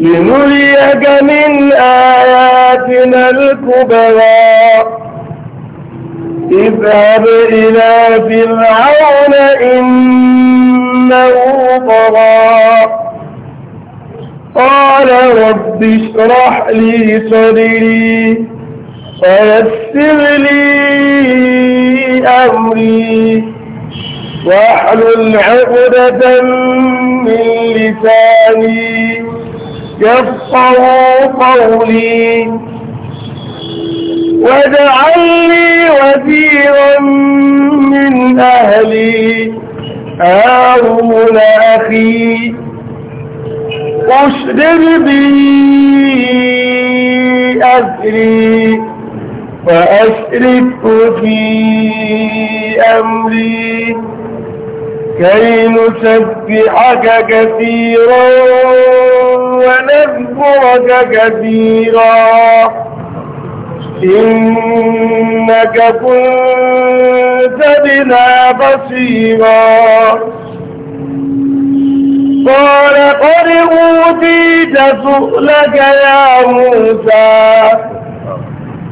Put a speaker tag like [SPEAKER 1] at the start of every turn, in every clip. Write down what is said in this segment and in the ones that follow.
[SPEAKER 1] لنريك من آياتنا الكبرى اذهب إلى فرعون إنه طغى قال رب اشرح لي صدري ويسر لي أمري واحلل عقدة من لساني يفقه قولي واجعل لي وزيرا من أهلي هارون أخي أشدد بي أذري وأشركه في أمري كي نسبحك كثيرا ونذكرك كثيرا إنك كنت بنا بصيرا قال قد أوتيت سؤلك يا موسى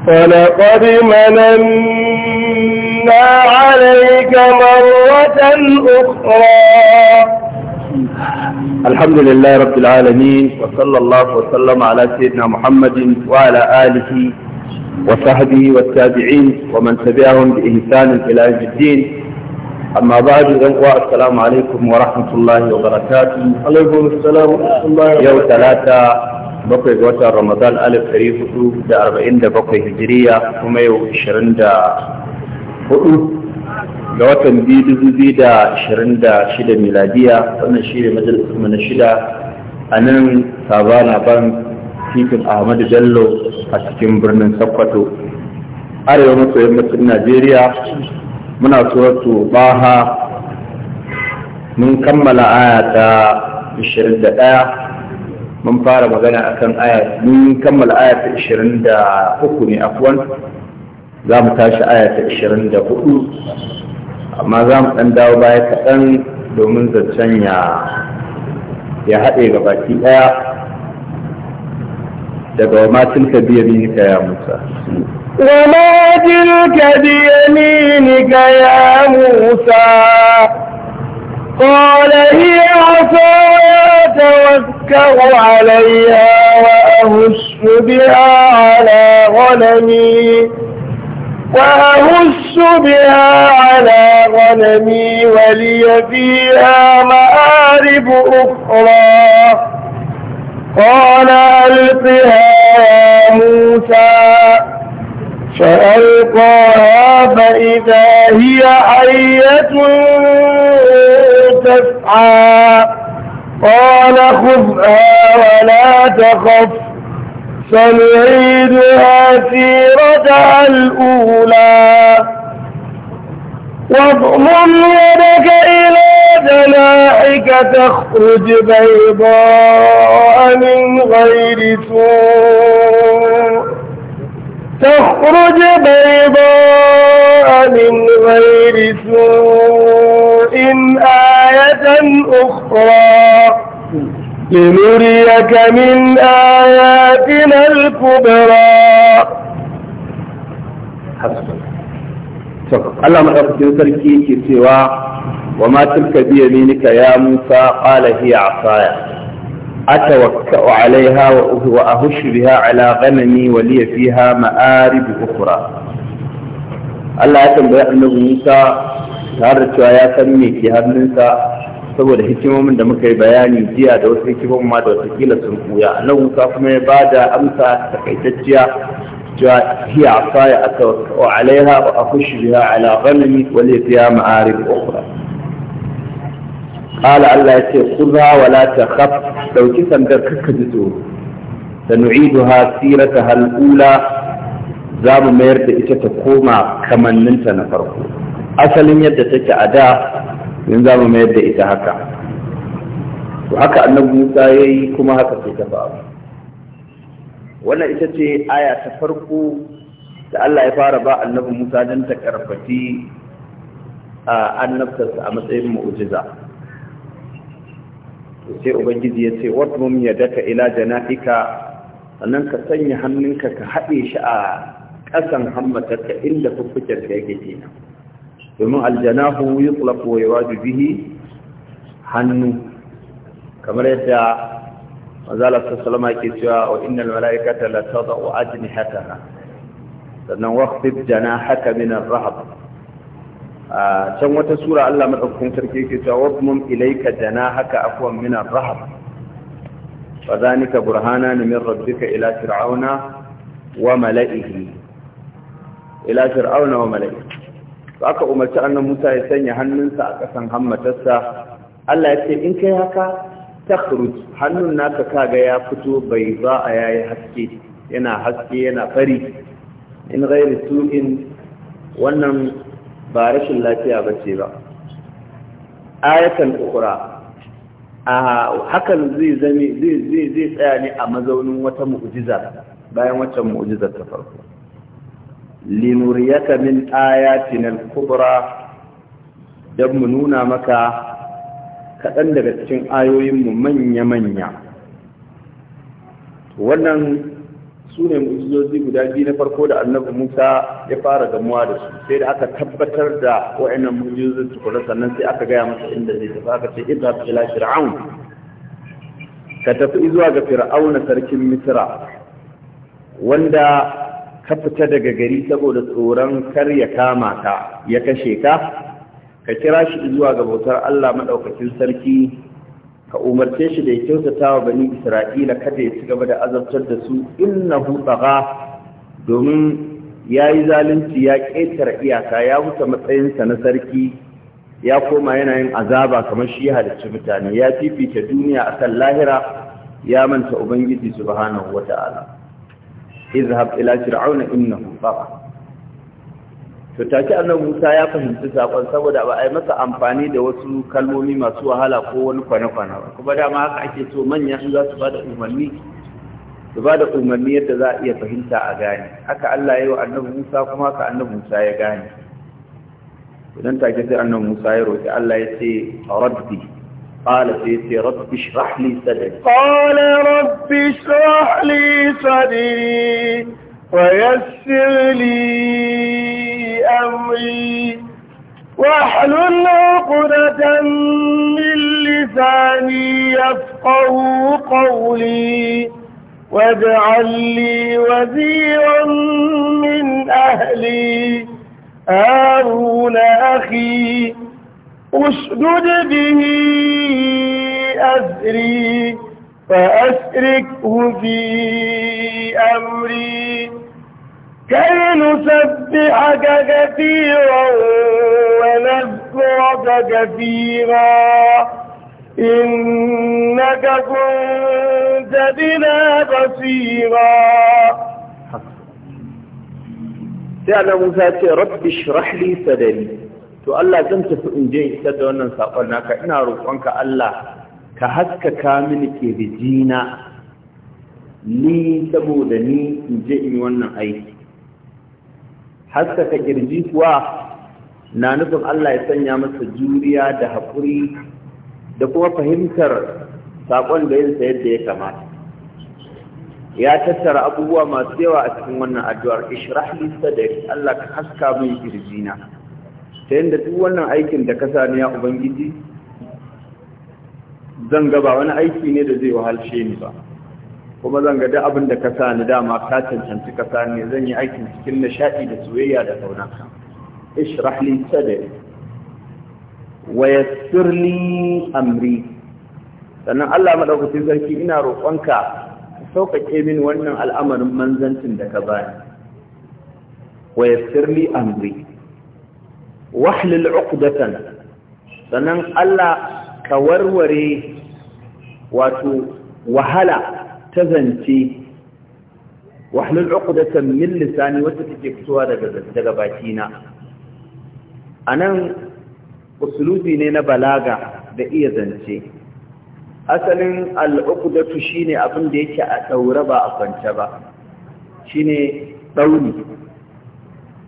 [SPEAKER 1] فلقد مننت أنعمنا عليك مرة أخرى
[SPEAKER 2] الحمد لله رب العالمين وصلى الله وسلم على سيدنا محمد وعلى آله وصحبه والتابعين ومن تبعهم بإحسان إلى يوم الدين أما بعد أنقوى السلام عليكم ورحمة الله وبركاته عليكم السلام ورحمة الله وبركاته يوم ثلاثة bakwai ga watan ramadan alif dari hudu da arba'in da bakwai hijiriya kuma yau da hudu ga watan biyu dubu biyu da ashirin da shida miladiya wannan shi ne majalisar na shida a nan sabana ban titin ahmadu bello a cikin birnin sokoto arewa maso yammacin najeriya muna suratu baha mun kammala aya ta ɗaya, mun fara magana akan aya mun kammala aya ta uku ne afwan za mu tashi aya ta 24 amma za mu ɗan dawo baya kaɗan domin zancen ya ya haɗe ga baki ɗaya daga wa matin ka biya ka ya musa
[SPEAKER 1] وما تلك بيمينك يا موسى قال هي عصاي أتوكأ عليها وأهش بها على غنمي وأهش بها على غنمي ولي فيها مآرب أخرى قال ألقها يا موسى فألقاها فإذا هي حية تسعى قال خذها ولا تخف فنعيدها سيرتها الأولى واضمن يدك إلى جناحك تخرج بيضاء من غير سوء تخرج بيضاء من غير سوء آية أخرى لنريك من آياتنا الكبرى
[SPEAKER 2] الله مرحبا تركيك سوى وما تلك بيمينك يا موسى قال هي عصايا أتوكأ عليها وأهش بها على غنمي ولي فيها مآرب أخرى الله يتم بيأنه موسى هذا الشوايا سميك هذا saboda hikimomin da muka yi bayani jiya da wasu hikimomin ma da watakila sun kuya a nan wuka kuma ya bada amsa takaitacciya cewa hiya asaya aka wa alaiha wa akhushu biha ala ghanami wa li fiha ukhra
[SPEAKER 1] qala Allah yace khudha wa la takhaf dauki sandar kakka ji
[SPEAKER 2] tsoro sanu'iduha sirataha al-ula za mu mayar da ita ta koma kamanninta na farko asalin yadda take a da yin za mu mayar da ita haka to haka annabi musa ya yi kuma haka sai ta faru wannan ita ce aya ta farko da allah ya fara ba annabi musa don ta a annabtarsa a matsayin mu'ujiza sai ubangiji ya ce mun ya daka ila jana'ika sannan ka sanya hannunka ka haɗe shi a ƙasan hammatarka inda fuffukenka yake kenan domin aljanahu yutlaqu wa yuradu bihi hannu kamar yadda manzala sallama ke cewa wa innal mala'ikata la tadau ajnihataha sannan waqtib janahaka min ar-rahab a can wata sura Allah madaukakin sarki yake cewa wadmum ilayka janahaka afwan min ar-rahab wa dhalika burhanan min rabbika ila fir'auna wa mala'ihi ila fir'auna wa mala'ihi To aka umarci annan Musa ya sanya hannunsa a ƙasan hammatarsa Allah ya ce in kai haka takhruj hannun naka kaga ya fito bai za a yayi haske yana haske yana fari in ghairi tu'in wannan ba rashin lafiya bace ba ayatan ukura a hakan zai zai zai tsaya ne a mazaunin wata mu'jiza bayan waccan mu'jizar ta farko linuriyaka min ayatin al-kubra don mu nuna maka kaɗan daga cikin ayoyinmu manya-manya wannan su ne mu'ujizozi guda biyu na farko da annabi musa ya fara gamuwa da su sai da aka tabbatar da wa'annan mu'ujizozin tukuna sannan sai aka gaya masa inda zai tafi aka ce idha ila fir'aun ka tafi zuwa ga fir'auna sarkin misra wanda ka fita daga gari saboda tsoron kar ya kama ka ya kashe ka ka kira shi zuwa ga bautar Allah madaukakin sarki ka umarce shi da ya kyautata wa bani Isra'ila kada ya ci gaba da azabtar da su innahu tagha domin yayi zalunci ya ƙetare iyaka ya wuce matsayinsa na sarki ya koma yana yin azaba kamar shi halicci mutane ya fifita duniya akan lahira ya manta ubangiji subhanahu wata'ala izhab ila fir'auna innahu tagha to take annabi Musa ya fahimci sakon saboda ba a yi masa amfani da wasu kalmomi masu wahala ko wani kwana-kwana ba kuma dama haka ake so manya su za su bada umarni su bada umarni yadda za a iya fahimta a gane haka Allah ya yi wa annabi Musa kuma haka annabi Musa ya gane idan take sai annabi Musa ya
[SPEAKER 1] roki Allah ya ce rabbi قال سيدي رب اشرح لي صدري قال رب اشرح لي صدري ويسر لي أمري واحلل عقدة من لساني يفقه قولي واجعل لي وزيرا من أهلي هارون أخي اشدد به اثري فأشركه في أمري كي نسبحك كثيرا ونذكرك كثيرا إنك كنت بنا بصيرا
[SPEAKER 2] يا موسى رب اشرح لي صدري to Allah zan tafi in je isar da wannan sakon naka ina roƙonka Allah ka haskaka mini ke jina ni saboda ni in je in yi wannan aiki haskaka kirji kuwa na nufin Allah ya sanya masa juriya da haƙuri da kuma fahimtar saƙon da yinsa yadda ya kamata ya tattara abubuwa masu yawa a cikin wannan addu'ar ishrah li sadri Allah ka haska min kirjina ta yadda duk wannan aikin da ka sani ya ubangiji zan ga ba wani aiki ne da zai wahalshe ni ba kuma zan ga duk abin da ka sani dama ka cancanci ka ni zan yi aikin cikin nishaɗi da soyayya da kaunaka ishrah li sadri wa amri sannan Allah madaukakin sarki ina roƙonka ka sauƙaƙe min wannan al'amarin manzancin da ka bani wa yassir amri wahlil uqdatan sannan Allah ka warware wato wahala ta zance wahlul uqdatan min lisani wacce take fitowa daga daga bakina anan usulubi ne na balaga da iya zance asalin al'uqdatu shine abin da yake a daure ba a kwance ba shine dauni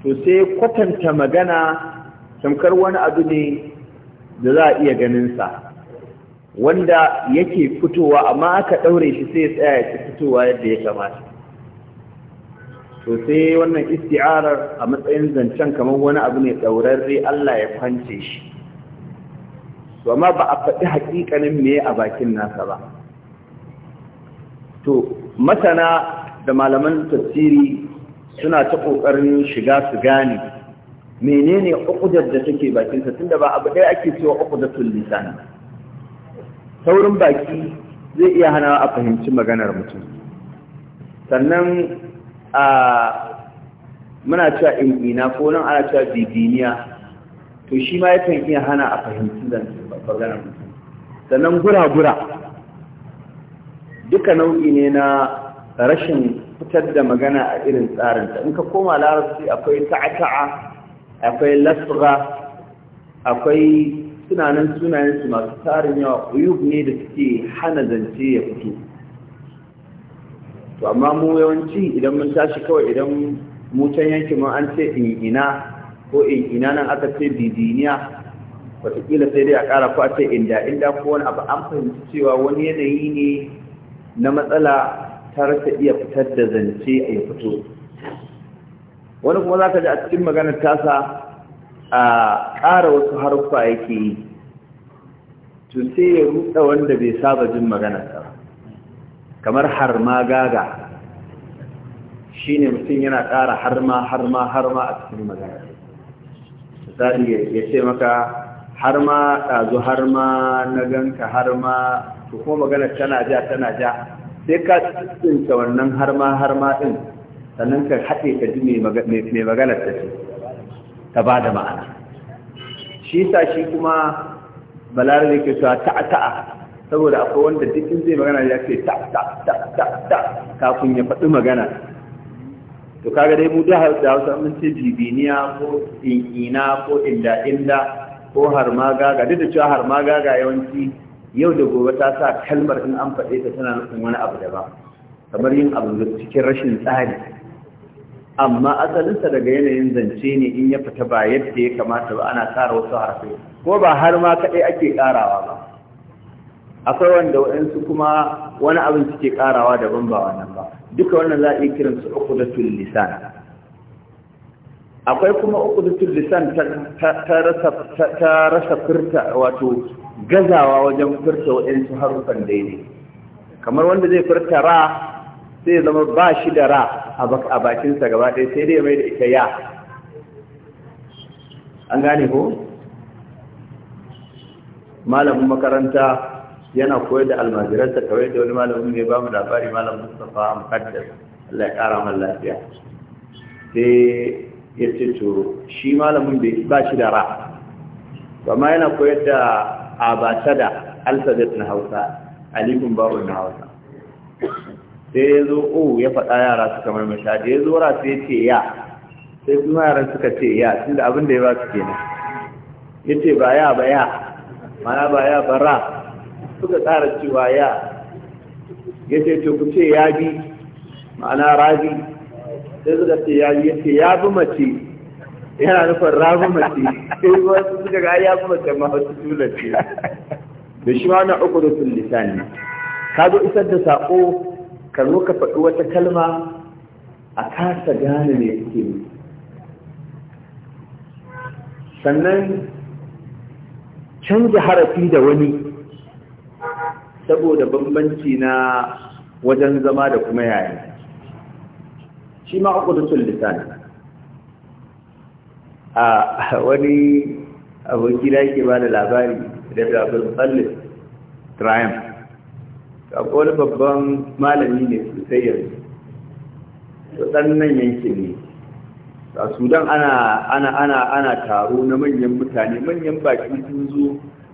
[SPEAKER 2] to sai kwatanta magana tamkar wani abu ne da za a iya ganinsa wanda yake fitowa amma aka ɗaure shi sai ya tsaya ya fitowa yadda ya kamata to sai wannan isti'arar a matsayin zancen kamar wani abu ne ɗaurarre Allah ya kwance shi to amma ba a faɗi haƙiƙanin me a bakin nasa ba to masana da malaman tafsiri suna ta ƙoƙarin shiga su gane menene uqdar da take bakin sa tunda ba abu ɗaya ake cewa uqdatul lisan saurin baki zai iya hana a
[SPEAKER 3] fahimci maganar mutum
[SPEAKER 2] sannan a muna cewa ingina ko nan ana cewa bibiniya to shi ma yakan iya hana a fahimci maganar mutum sannan gura-gura duka nau'i ne na rashin fitar da magana a irin tsarinta in ka koma larabci akwai ta'ata'a akwai lasra akwai sunanan sunayen su masu tarin yawa uyub ne da suke hana zance ya fito to amma mu yawanci idan mun tashi kawai idan mu can yankin mun an ce in ina ko in ina nan aka ce bidiniya wataƙila sai dai a ƙara ko a ce inda inda ko wani abu an fahimci cewa wani yanayi ne na matsala ta rasa iya fitar da zance a ya fito wani kuma za ka ji a cikin maganar tasa a ƙara wasu haruffa yake yi to sai ya ruɗa wanda bai saba jin maganar ta kamar har ma gaga shi ne mutum yana ƙara har ma har ma har ma a cikin maganar misali ya ce maka har ma ɗazu har ma na ganka har ma to kuma maganar tana ja tana ja sai ka tsinta wannan har ma har ma ɗin sannan ka haɗe ka ji mai maganar ta ce ta ba da ma'ana shi sa shi kuma da ke cewa ta'a ta'a saboda akwai wanda duk zai magana ya ce ta ta ta ta kafin ya faɗi magana to kaga dai mu da hausa mun ce jibiniya ko in'ina ko inda inda ko har ma ga duk da cewa ma ga yawanci yau da gobe ta sa kalmar in an faɗe ta tana nufin wani abu daban kamar yin abu cikin rashin tsari amma asalinsa daga yanayin zance ne in ya fita ba yadda ya kamata ba ana ƙara wasu harfe ko ba har ma kaɗai ake ƙarawa ba akwai wanda waɗansu kuma wani abin suke ƙarawa daban ba wannan ba duka wannan za a iya kiransu da lisan akwai kuma da lisan ta rasa furta wato gazawa wajen furta waɗansu harufan daidai kamar wanda zai furta ra sai zama ba shi da ra a bakinsa gaba ɗaya sai dai mai da ita ya an gane ko malamin makaranta yana koyar da almajiransa kawai da wani malamin ne ba mu labari malam mustapha muqaddas Allah ya kara mana lafiya sai ya ce to shi malamin bai ba shi da ra ba ma yana koyar da abatada da na hausa alifin babu na hausa sai ya zo o oh, ya faɗa yara suka marmasha da ya zo ra sai ce ya sai kuma yaran suka ce ya da abin da ya ba su kenan ya ce ba ya ba ya mana ba ya ba ra suka tsara cewa ya ya ce to ku ce ya bi ma'ana rabi sai suka ce ya bi ya ce ya bi mace yana nufin rabi mace sai wasu suka ga ya bi mace ma wasu tulace da shi ma na uku rufin lisani ka zo isar da saƙo ka zo ka faɗi wata kalma a kasa gane ne suke ne sannan canza harafi da wani saboda bambanci na wajen zama da kuma yaya shi ma akudutul lissani a wani abokina yake ba da labari da abin tsallis triumph wani babban malami ne sosai yanzu to ɗan nan ne a sudan ana ana ana ana taro na manyan mutane manyan baki sun zo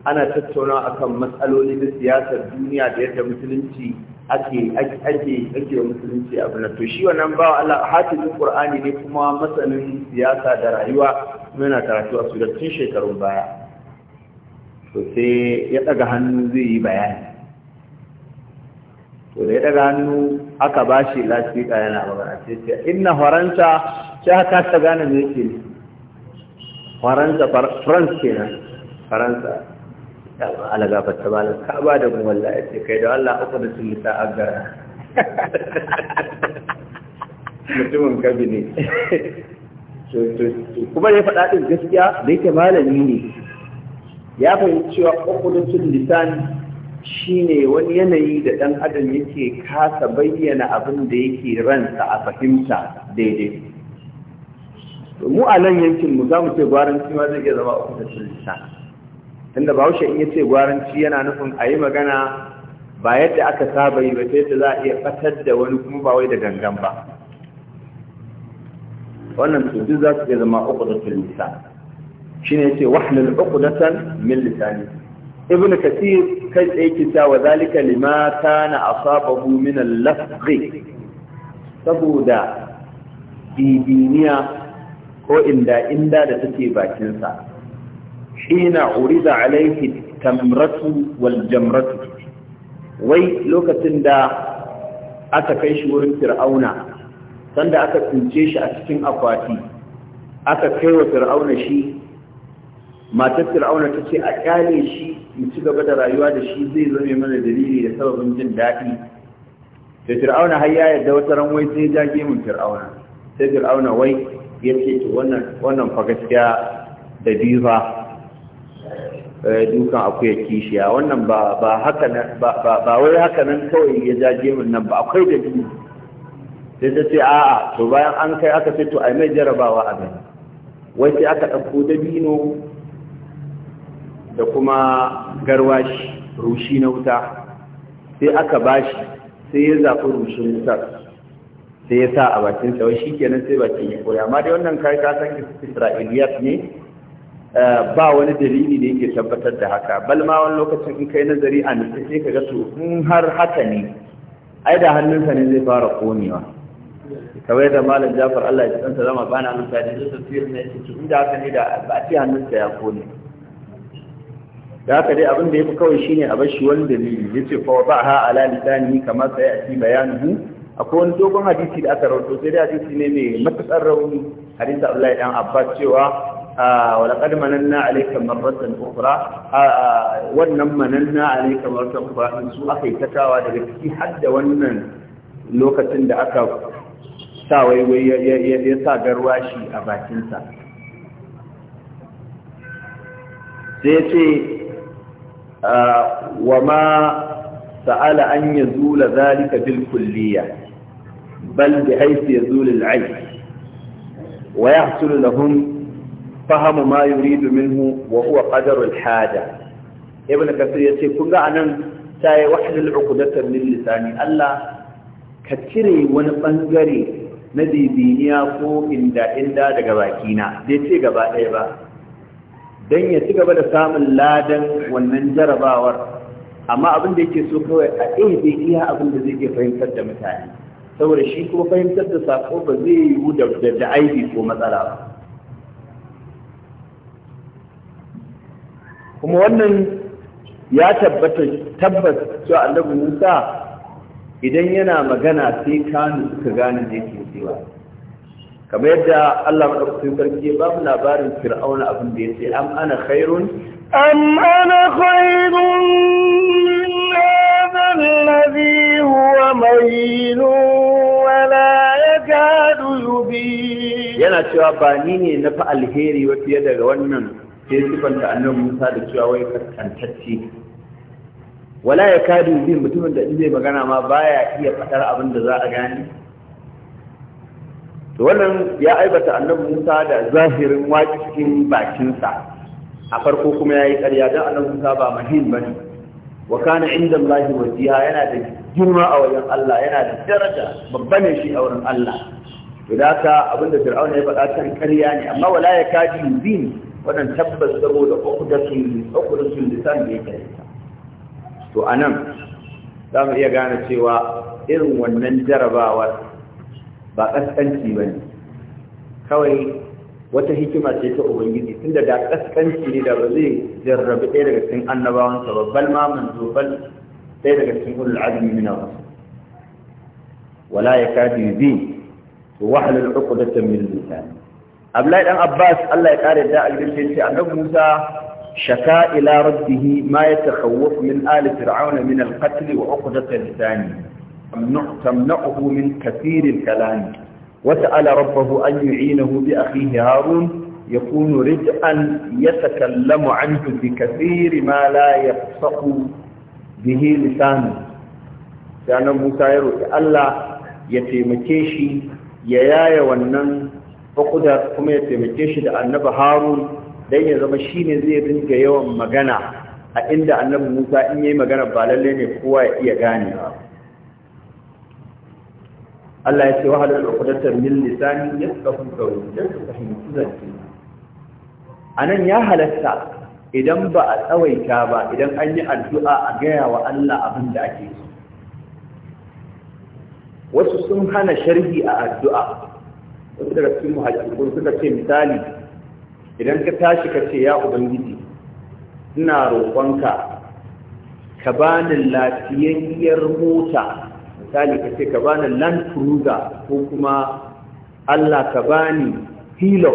[SPEAKER 2] ana tattaunawa akan matsaloli na siyasar duniya da yadda musulunci ake ake ake musulunci na to shi wannan bawa Allah hafizin Qur'ani ne kuma masanin siyasa da rayuwa yana karatu a sudan tun shekarun baya to sai ya daga hannu zai yi bayani to da ya daga hannu aka ba shi lasfika yana magana a ce ina faransa sai aka ta gane me yake ne faransa ke nan faransa alaga ba ta bala ka ba da mu wallahi ce kai da Allah uku da sun ta agara mutumin kabi ne kuma ya faɗa ɗin gaskiya da yake malami ne ya fahimci cewa ƙwaƙwudancin ne. ne wani yanayi da ɗan adam yake kasa bayyana abin da yake ransa a fahimta daidai mu a nan yankin mu za mu ce gwaranci ma zai iya zama a kusa lisan tunda bahaushe in ya ce gwaranci yana nufin a yi magana ba yadda aka saba yi ba ta yadda za a iya fatar da wani kuma ba wai da gangan ba wannan to za su iya zama uqdatul lisan wahalar yace wahlul sun min lisani ibn kasir kai tsaye ke wa zalika lima kana asabahu min al saboda bibiniya ko inda inda da take bakinsa, shi shina urida alaihi tamratu waljamratu. wai lokacin da aka kai shi wurin fir'auna sanda aka tsince shi a cikin akwati aka kai wa fir'auna shi matar fir'auna ta ce a kyale shi mu ci gaba da rayuwa da shi zai zame mana dalili da sababin jin daɗi da fir'auna har ya yarda wata ran wai sai ya gemun fir'auna sai fir'auna wai ya ce to wannan wannan fa gaskiya da biza eh, dukan akwai kishiya wannan ba ba haka ba ba wai haka nan kawai ya ja gemun nan ba akwai da biyu sai ta ce a'a to bayan an kai aka ce to ai mai jarabawa a gani wai sai aka ɗauko dabino da kuma garwashi rushi na wuta sai aka bashi sai ya zafi rushin wutar sai ya sa a bakin tsawon shi kenan sai bakin ya koya amma dai wannan kai ka san Isra'iliyat ne eh, ba wani dalili da yake tabbatar da haka bal ma wani lokacin in kai nazari a nufi sai ka ga in har haka ne ai da hannunsa ne zai fara konewa kawai da malam Jafar Allah ya tsanta zama bana a da tafiyar na yake cikin da haka ne da ba a ce hannunsa ya kone da haka dai abin da ya fi kawai shine a bar shi wani dalili ya ce fawa ba'aha ala lisanihi kama sai a ci bayanuhu akwai wani dogon hadisi da aka rawaito sai dai hadisi ne mai matakar rauni hadisi Abdullahi dan abbas cewa ah, wa laqad mananna alayka marratan ukhra ah, ah, wannan mananna alayka marratan ukhra su aka tsakawa daga ciki har da wannan lokacin da aka sa waiwai ya sa garwa shi a bakinsa sai ya ce wa ma sa'ala an yazula zalika bil kulliya bal bi haythu yazul al ayn wa yahsul lahum fahamu ma yuridu minhu wa huwa qadaru al hada ibn kasir yace kun ga anan tayi wahdul uqdatan lil lisani Allah ka cire wani bangare na bibiniya ko inda inda daga bakina bai ce gaba ɗaya ba don ya ci gaba da samun ladan wannan jarabawar amma abin da yake so kawai a ɗaya bai iya abin da zai ke fahimtar da mutane saboda shi kuma fahimtar da sako ba zai yiwu da da aibi ko matsala ba kuma wannan ya tabbata tabbas cewa annabi Musa idan yana magana sai kanu suka gane da yake cewa kamar yadda Allah madaukakin sarki ba mu labarin fir'auna abin da yace am ana khairun
[SPEAKER 1] am ana khairun min hadha huwa mayin wa la yakadu yubi
[SPEAKER 2] yana cewa ba ni ne na fa alheri wa fiye daga wannan sai da annabi Musa da cewa wai kaskantacce wala yakadu yubi mutumin da zai magana ma baya iya fadar abin da za a gani to wannan ya aibata annabi Musa da zahirin waƙi cikin bakinsa a farko kuma ya yi ƙarya don annabi Musa ba mahin ba ne wa kana inda Allah yana da girma a wajen Allah yana da daraja babba ne shi a wurin Allah to da haka abinda Fir'aun ya faɗa kan ƙarya ne amma wala ya kaji yuzin wannan tabbas saboda uqdatul uqdatul lisan da yake to anan za mu iya gane cewa irin wannan jarabawar ba kaskanci ba ne kawai wata hikima ce ta ubangiji tunda da kaskanci ne da ba zai jarrabi ɗaya daga cikin annabawansa ba bal ma manzo bal ɗaya daga cikin ulul azmi min ar-rusul wala yakadu yubi wa wahlul 'uqdatan min lisan Abdullahi dan Abbas Allah ya kare da alƙirce ce annabi Musa shaka ila rabbihi ma yatakhawwaf min ali fir'auna min al-qatl wa 'uqdatan lisanihi تمنعه من كثير الكلام وسأل ربه أن يعينه بأخيه هارون يكون رجعا يتكلم عنه بكثير ما لا يفصح به لسانه سيانا موسى يروي الله يتمكيشي ييايا ونن فقدر كما يتمكيشي لأنب هارون dan ya zama shi ne zai rinka yawan magana a inda annabi Musa in yayi magana ba lalle ne kowa ya iya ganewa Allah ya ce wa halal uqdatar min lisani yafqahu qawli dan ka fahimci zance nan ya halatta idan ba a tsawaita ba idan an yi addu'a a gaya wa Allah abin da ake so wasu sun hana sharhi a addu'a wasu daga cikin muhajjikun suka ce misali idan ka tashi ka ce ya ubangiji ina roƙonka ka bani lafiyayyar mota misali ka ce ka bani land cruiser ko kuma Allah ka bani hilo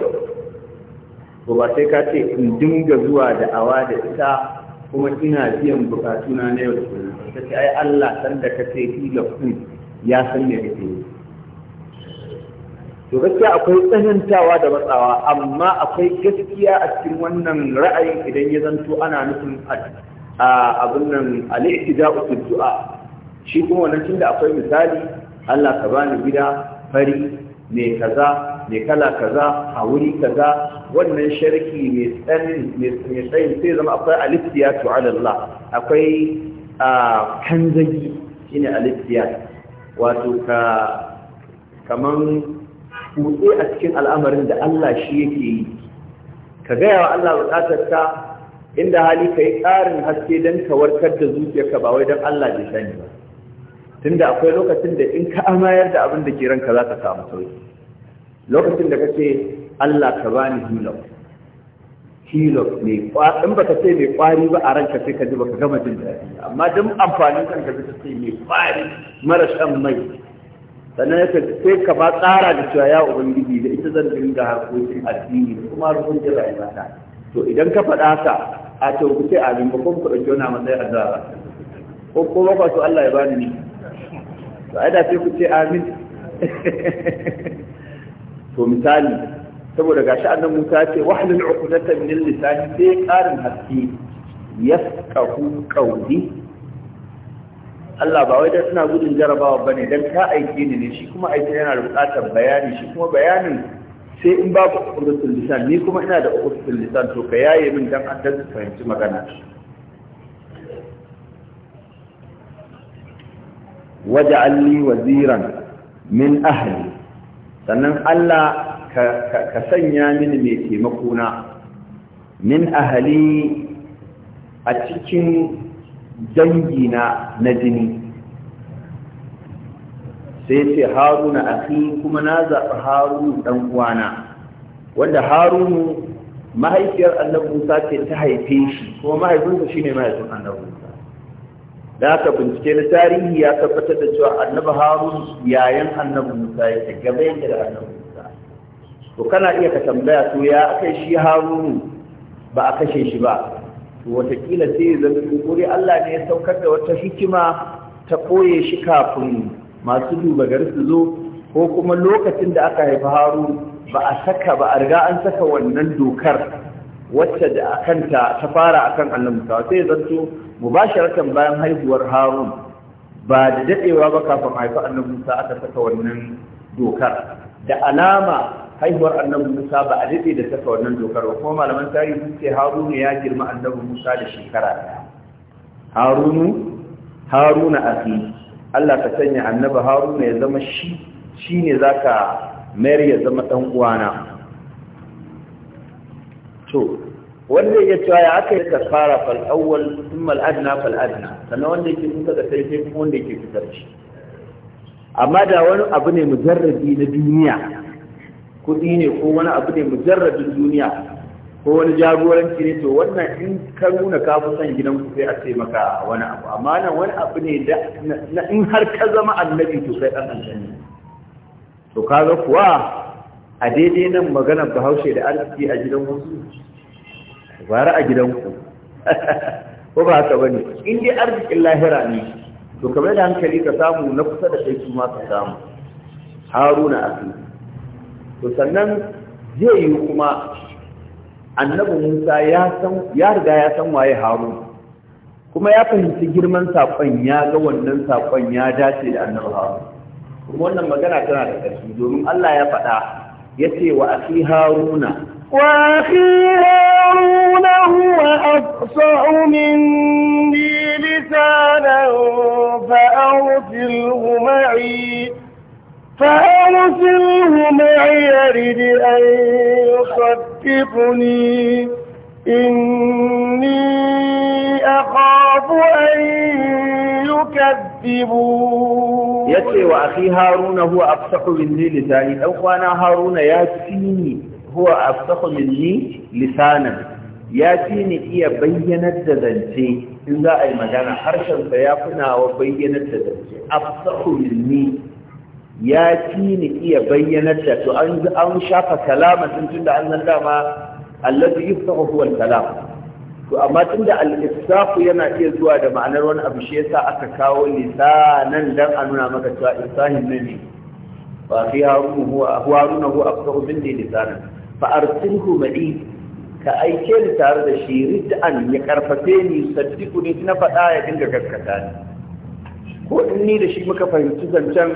[SPEAKER 2] ko ba sai ka ce in dinga zuwa da awa da ita kuma ina biyan bukatuna na yau da kullum ce ai Allah san da ka ce hilo din ya san me kake to gaskiya akwai tsanantawa da matsawa amma akwai gaskiya a cikin wannan ra'ayin idan ya zanto ana nufin a abin nan al-ihtida'u du'a shi kuma wannan tunda akwai misali Allah ka bani gida fari mai kaza mai kala kaza a wuri kaza wannan sharki mai tsanin tsayin sai zama akwai alifiyatu ala Allah akwai kanzagi shine alifiyat wato ka kaman kutse a cikin al'amarin da Allah shi yake yi ka gaya wa Allah ka inda hali ka yi ƙarin haske don ka warkar da zuciyarka ba wai don Allah bai sani ba tunda akwai lokacin da in ka amayar da abin da ke ranka za ka samu sauki lokacin da kace Allah ka bani hilo hilo ne in baka ce mai kwari ba a ranka sai ka ji baka gama jin daɗi amma duk amfanin kan ka ce mai kwari mara shan mai sannan ya sai ka ba tsara da cewa ya ubangiji da ita zan dinga harkokin addini da kuma harkokin ta to idan ka faɗa haka a to ku ce abin ba kuma ku ɗauki wani matsayin azara ko kuma ba su Allah ya bani ni to ai da sai ku ce amin to misali saboda gashi annan Musa ce wahlul uqdatan min lisani sai karin haske yafqahu qawli Allah ba wai dan suna gudun jarabawa bane dan ka aike ni ne shi kuma aike yana da bukatar bayani shi kuma bayanin sai in babu uqdatul lisan ni kuma ina da uqdatul lisan to ka yaye min dan an fahimci magana waj'al alli waziran min ahli sannan Allah ka sanya mini mai taimako na min ahli a cikin dangina na jini sai ce haruna akhi kuma na zaɓi harunu ɗan uwana wanda harunu mahaifiyar annabi ta ce ta haife shi kuma mahaifinsa shine mahaifin annabi Musa da aka bincike na tarihi ya tabbatar da cewa annabi harun yayin annabi musa yake gaba yake da annabi musa to kana iya ka tambaya to ya aka shi harun ba a kashe shi ba to watakila sai ya zama Allah ne ya saukar da wata hikima ta koye shi kafin masu duba gari su zo ko kuma lokacin da aka haifi harun ba a saka ba a riga an saka wannan dokar wacce da akanta ta fara akan annabi musa sai zanto mubasharatan bayan haihuwar harun ba da dadewa ba kafin haifa annabi musa aka saka wannan dokar da alama haihuwar annabi musa ba a dade da saka wannan dokar ba kuma malaman tarihi sun ce harun ya girma annabi musa da shekara daya harunu haruna akhi Allah ka sanya annabi haruna ya zama shi shine zaka mayar ya zama dan uwana to wanda ya cewa ya aka yi kafara fal awwal thumma al adna fal adna sannan wanda yake kusa da sai sai wanda yake fitar shi amma da wani abu ne mujarrabi na duniya kuɗi ne ko wani abu ne mujarrabin duniya ko wani jagoranci ne to wannan in ka nuna ka fi son gidan ku sai a ce maka wani abu amma nan wani abu ne da in har ka zama annabi to sai dan aljanna to kaga kuwa a daidai nan maganar bahaushe da arziki a gidan wasu bara a gidanku ko ba haka bane in dai arzikin lahira ne to kamar da hankali ka samu na kusa da kai kuma ka samu haruna akai to sannan zai yi kuma annabi Musa ya san ya riga ya san waye haruna kuma ya fahimci girman saƙon ya ga wannan saƙon ya dace da annabi haruna kuma wannan magana tana da ƙarfi domin Allah ya faɗa ya ce wa haruna
[SPEAKER 1] وأخي هارون هو أفصع مني لسانا فأرسله معي فأرسله معي يرد أن يخففني إني أخاف أن يكذبون يتي
[SPEAKER 2] وأخي هارون هو أفصح مني لسانا أو أخوانا هارون يا سيني huwa afsahu minni lisanan ya fi ni iya bayyanar da zance in za a yi magana harshensa ya fi nawa bayyanar da zance afsahu minni ya fi ni iya bayyanar da to an shafa kalama tun da an zan dama allazi yufsahu huwa kalam to amma tun da al-ifsahu yana iya zuwa da ma'anar wani abu shi yasa aka kawo lisanan dan a nuna maka cewa isahin ne ba fi harunahu afsahu minni lisanan fa'arsilhu ma'i ka aike ni tare da shi rid'an ya karfafe ni saddiku ne na faɗa ya dinga gaskata ni ko in ni da shi muka fahimci zancen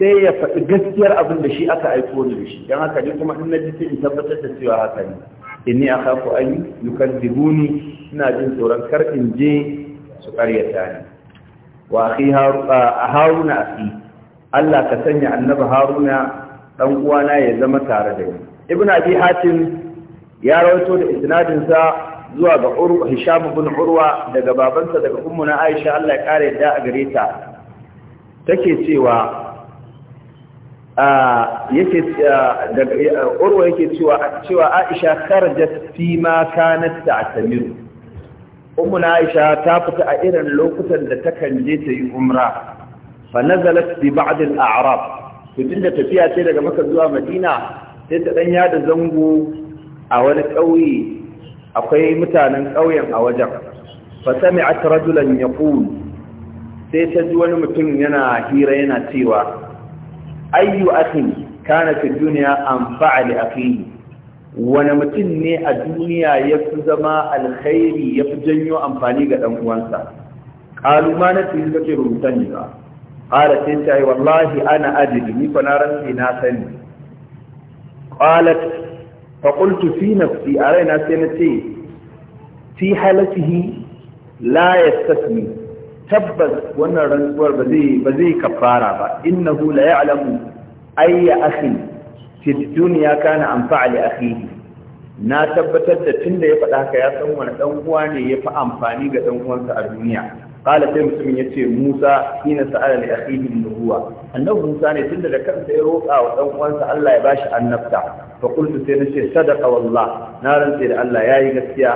[SPEAKER 2] sai ya faɗi gaskiyar abin da shi aka aiko ni da shi don haka ne kuma in na ji in tabbatar da cewa haka ne inni akhafu an yukadzibuni ina jin tsoron kar in je su ƙaryata ni wa A haruna akhi Allah ka sanya annabi haruna dan uwana ya zama tare da ni ibn abi hatim ya rawaito da isnadinsa zuwa ga hisham ibn urwa daga babansa daga ummuna aisha Allah ya kare a gare ta take cewa yake urwa yake cewa cewa aisha kharajat fi ma kanat ta'tamiru ummuna aisha ta fita a irin lokutan da ta kanje ta yi umra fa nazalat bi ba'd al-a'rab to tunda tafiya ce daga makka zuwa madina sai ta ɗan yada zango a wani ƙauye akwai mutanen ƙauyen a wajen fasami a tarajulan ya sai ta ji wani mutum yana hira yana cewa ayyu akin kana fi duniya an fa'ali fili wani mutum ne a duniya ya fi zama alkhairi ya fi janyo amfani ga ɗanuwansa uwansa na fi suka ce rubutan ba ƙara sai ta yi wallahi ana ajiyar ni na rantsi na sani qalat fa qultu fi nafsi a raina sai na ce fi halatihi la yastasmi tabbas wannan rantsuwar ba zai ba zai kafara ba innahu la ya'lamu ayya akhin fi dunya kana anfa'a li akhihi na tabbatar da tunda ya faɗa haka ya san wani dan uwa ne ya fi amfani ga dan uwansa a duniya qala sai mutumin yace Musa ina sa'ala li akhihi nubuwa annabi Musa ne tunda da kansa ya roƙa wa dan uwansa Allah ya bashi annabta fa sai na ce sadaqa wallah na rantse da Allah yayi gaskiya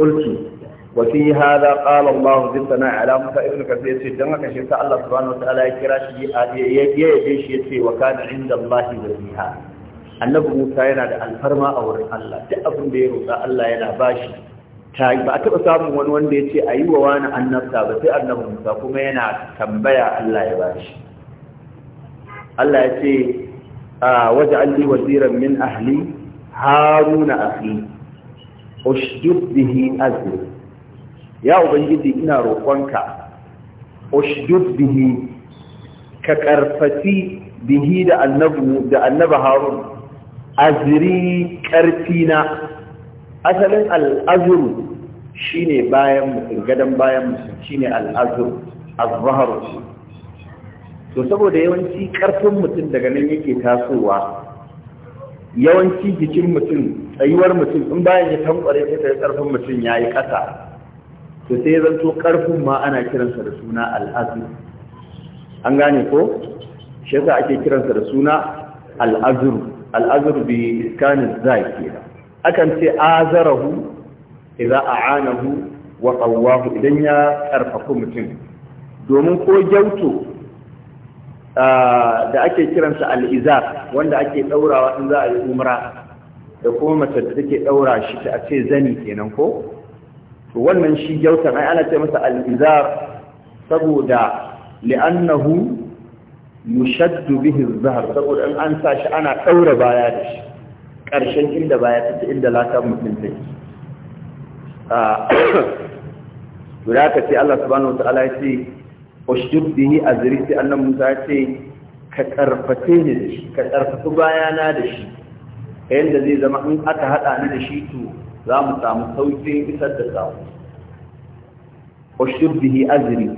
[SPEAKER 2] qultu wa fi hadha qala Allah bi sana'a ala Musa ibn Kathir yace dan haka shi sa Allah ta'ala ya kira shi ya yabe shi yace wa kana inda Allah wasiha annabi Musa yana da alfarma a wurin Allah duk abin da ya roƙa Allah yana ba shi. ta ba a taɓa samun wani wanda ya ce a yi wa wani annabta ba sai annabin musa kuma yana tambaya Allah ya bashi Allah ya ce a waje an alli waziran min ahli haruna akhi ushdud bihi azri ya ubangiji ina roƙonka ushdud bihi ka karfati bihi da annabi da annaba harun azri karfina asalin al'azuru shi ne bayan mutum gadon bayan mutum shi ne al'azuru azzaharu to saboda yawanci karfin mutum daga nan yake tasowa yawanci jikin mutum tsayuwar mutum in bayan ya tankware sai ta karfin mutum ya yi ƙasa to sai to karfin ma ana kiransa da suna al'azuru. an gane ko shi yasa ake kiransa da suna al'azuru al'azur bi iskanin zai kenan akan ce azarahu idza a'anahu wa qawwahu idan ya karfafa mutum domin ko Gyauta da ake kiransa al'izar wanda ake ɗaurawa in za a yi umra da kuma mace da take ɗaura shi ta ce zani kenan ko to wannan shi gyautan ai ana ce masa al'izar saboda li'annahu yushaddu bihi zahar saboda in an sa shi ana ɗaura baya da shi ƙarshen inda baya ya ce inda latar mutum take guda ka ce Allah subhanahu wa ta'ala ya ce ushdud bihi azri sai annan Musa ya ce
[SPEAKER 3] ka karfafe ni da shi
[SPEAKER 2] ka karfafi bayana da shi ta yadda zai zama in aka haɗa ni da shi to za mu samu sauƙin isar da samu ushdud bihi azri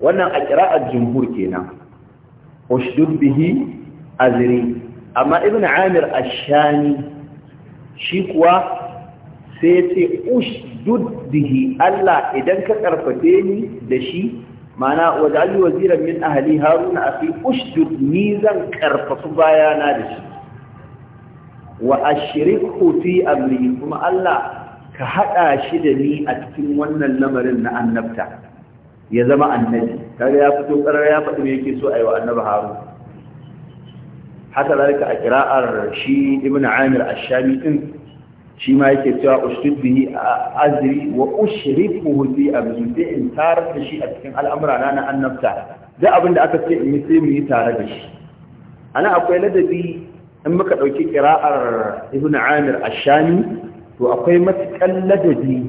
[SPEAKER 2] wannan a qira'ar jumhur kenan ushdud bihi azri amma ibn amir ashani shi kuwa sai ce ushdud bihi Allah idan ka karfafe ni da shi mana waj'alni waziran min ahli haruna afi ushdud ni zan karfafu bayana da shi wa ashrikhu fi amri kuma Allah ka hada shi da ni a cikin wannan lamarin na annabta ya zama annabi kaga ya fito karar ya faɗi me yake so ayi wa annabi haruna haka zalika a kira'ar shi ibn amir ashami din shi ma yake cewa ustud bihi azri wa ushrifuhu fi amri sai in tarar da shi a cikin al'amurana na annabta da abin da aka ce in yi sai mu yi tare da shi ana akwai ladabi in muka dauki kira'ar ibn amir ashami to akwai matakan ladabi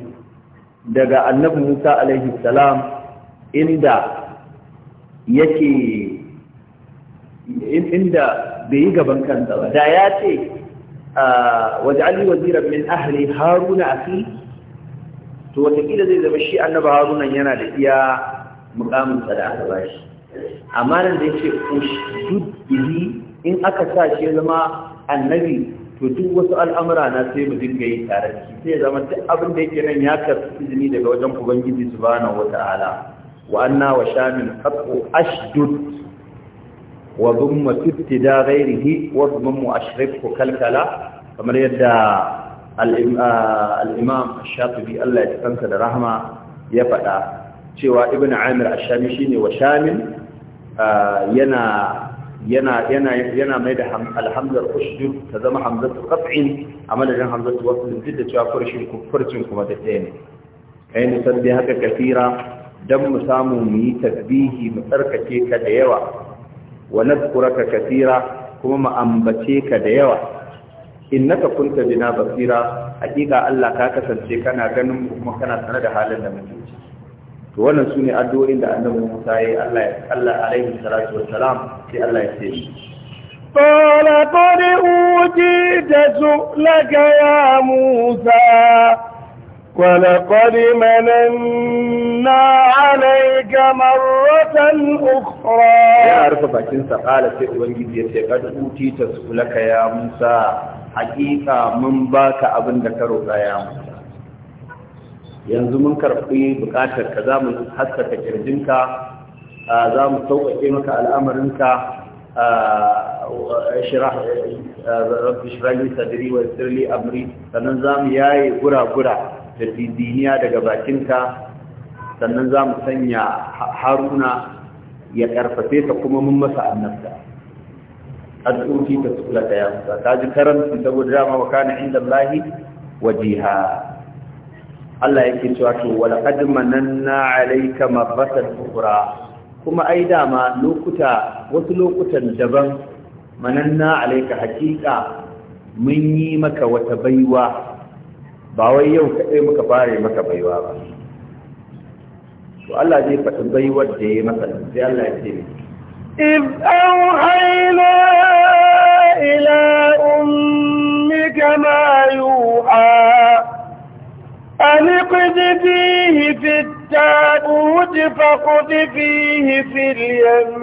[SPEAKER 2] daga annabi musa alaihi salam inda yake inda bai yi gaban kanta ba da ya ce ah, alli waziran min ahli haruna akhi to wataƙila zai zama shi annaba harunan yana da iya mukamin da aka bashi amma nan da yace ushud bihi in aka sa shi zama annabi to duk wasu al'amura na sai mu dinga yi tare da shi sai zama duk abin da yake nan ya karɓi izini daga wajen ubangiji subhanahu wata'ala wa anna wa shamin qat'u ashdud wa zumma tibtida ghairihi wa zumma ashrifu kalkala kamar yadda ah, al-imam ash Allah ya tsanta da rahma ya faɗa cewa ibn amir ash-shami shine wa shamil ah, yana maida yana yana mai da alhamdar ushdu ta zama hamzatu qat'in amma da hamzatu wasl din da cewa kurshin kufurcin kuma da tsaye kai ne sabbi haka kafira dan mu samu mu yi tasbihi mu tsarkake ka da yawa wa nadhkuraka kathira kuma mu ambace ka da yawa innaka kunta bina basira hakika Allah ka kasance kana ganin mu kuma kana sanar da halin da muke ciki to wannan sune addu'o'in da Annabi Musa yayi Allah Allah alaihi salatu wassalam sai Allah ya ce
[SPEAKER 1] قال قد أوتيت سؤلك يا موسى ولقد مننا عليك مرة أخرى يا عرف
[SPEAKER 2] باكين قال في أبنجي قد أوتيت سؤلك يا موسى حقيقة من باك أبن ذكرك يا موسى yanzu mun karɓi buƙatar ka za mu haskaka kirjinka za mu sauƙaƙe maka al'amarinka shirah rabbi shirali sadri wa sirli amri sannan za mu yaye gura-gura da diniya daga bakinka sannan za mu sanya haruna ya karfafe ka kuma mun masa annabta addu'o'i ta tsula ta ya musa ta ji karanci saboda dama wa kana inda Allahi wajiha Allah yake cewa to wala qad mananna alayka marratan ukhra kuma ai dama lokuta wasu lokutan daban mananna alayka hakika mun yi maka wata baiwa ba wai yau kaɗai muka fara maka baiwa ba to Allah zai faɗi baiwar da ya maka sai Allah ya ce
[SPEAKER 1] إذ أوحينا إلى أمك ما يوحى أن اقذفيه في التابوت فاقذفيه في اليم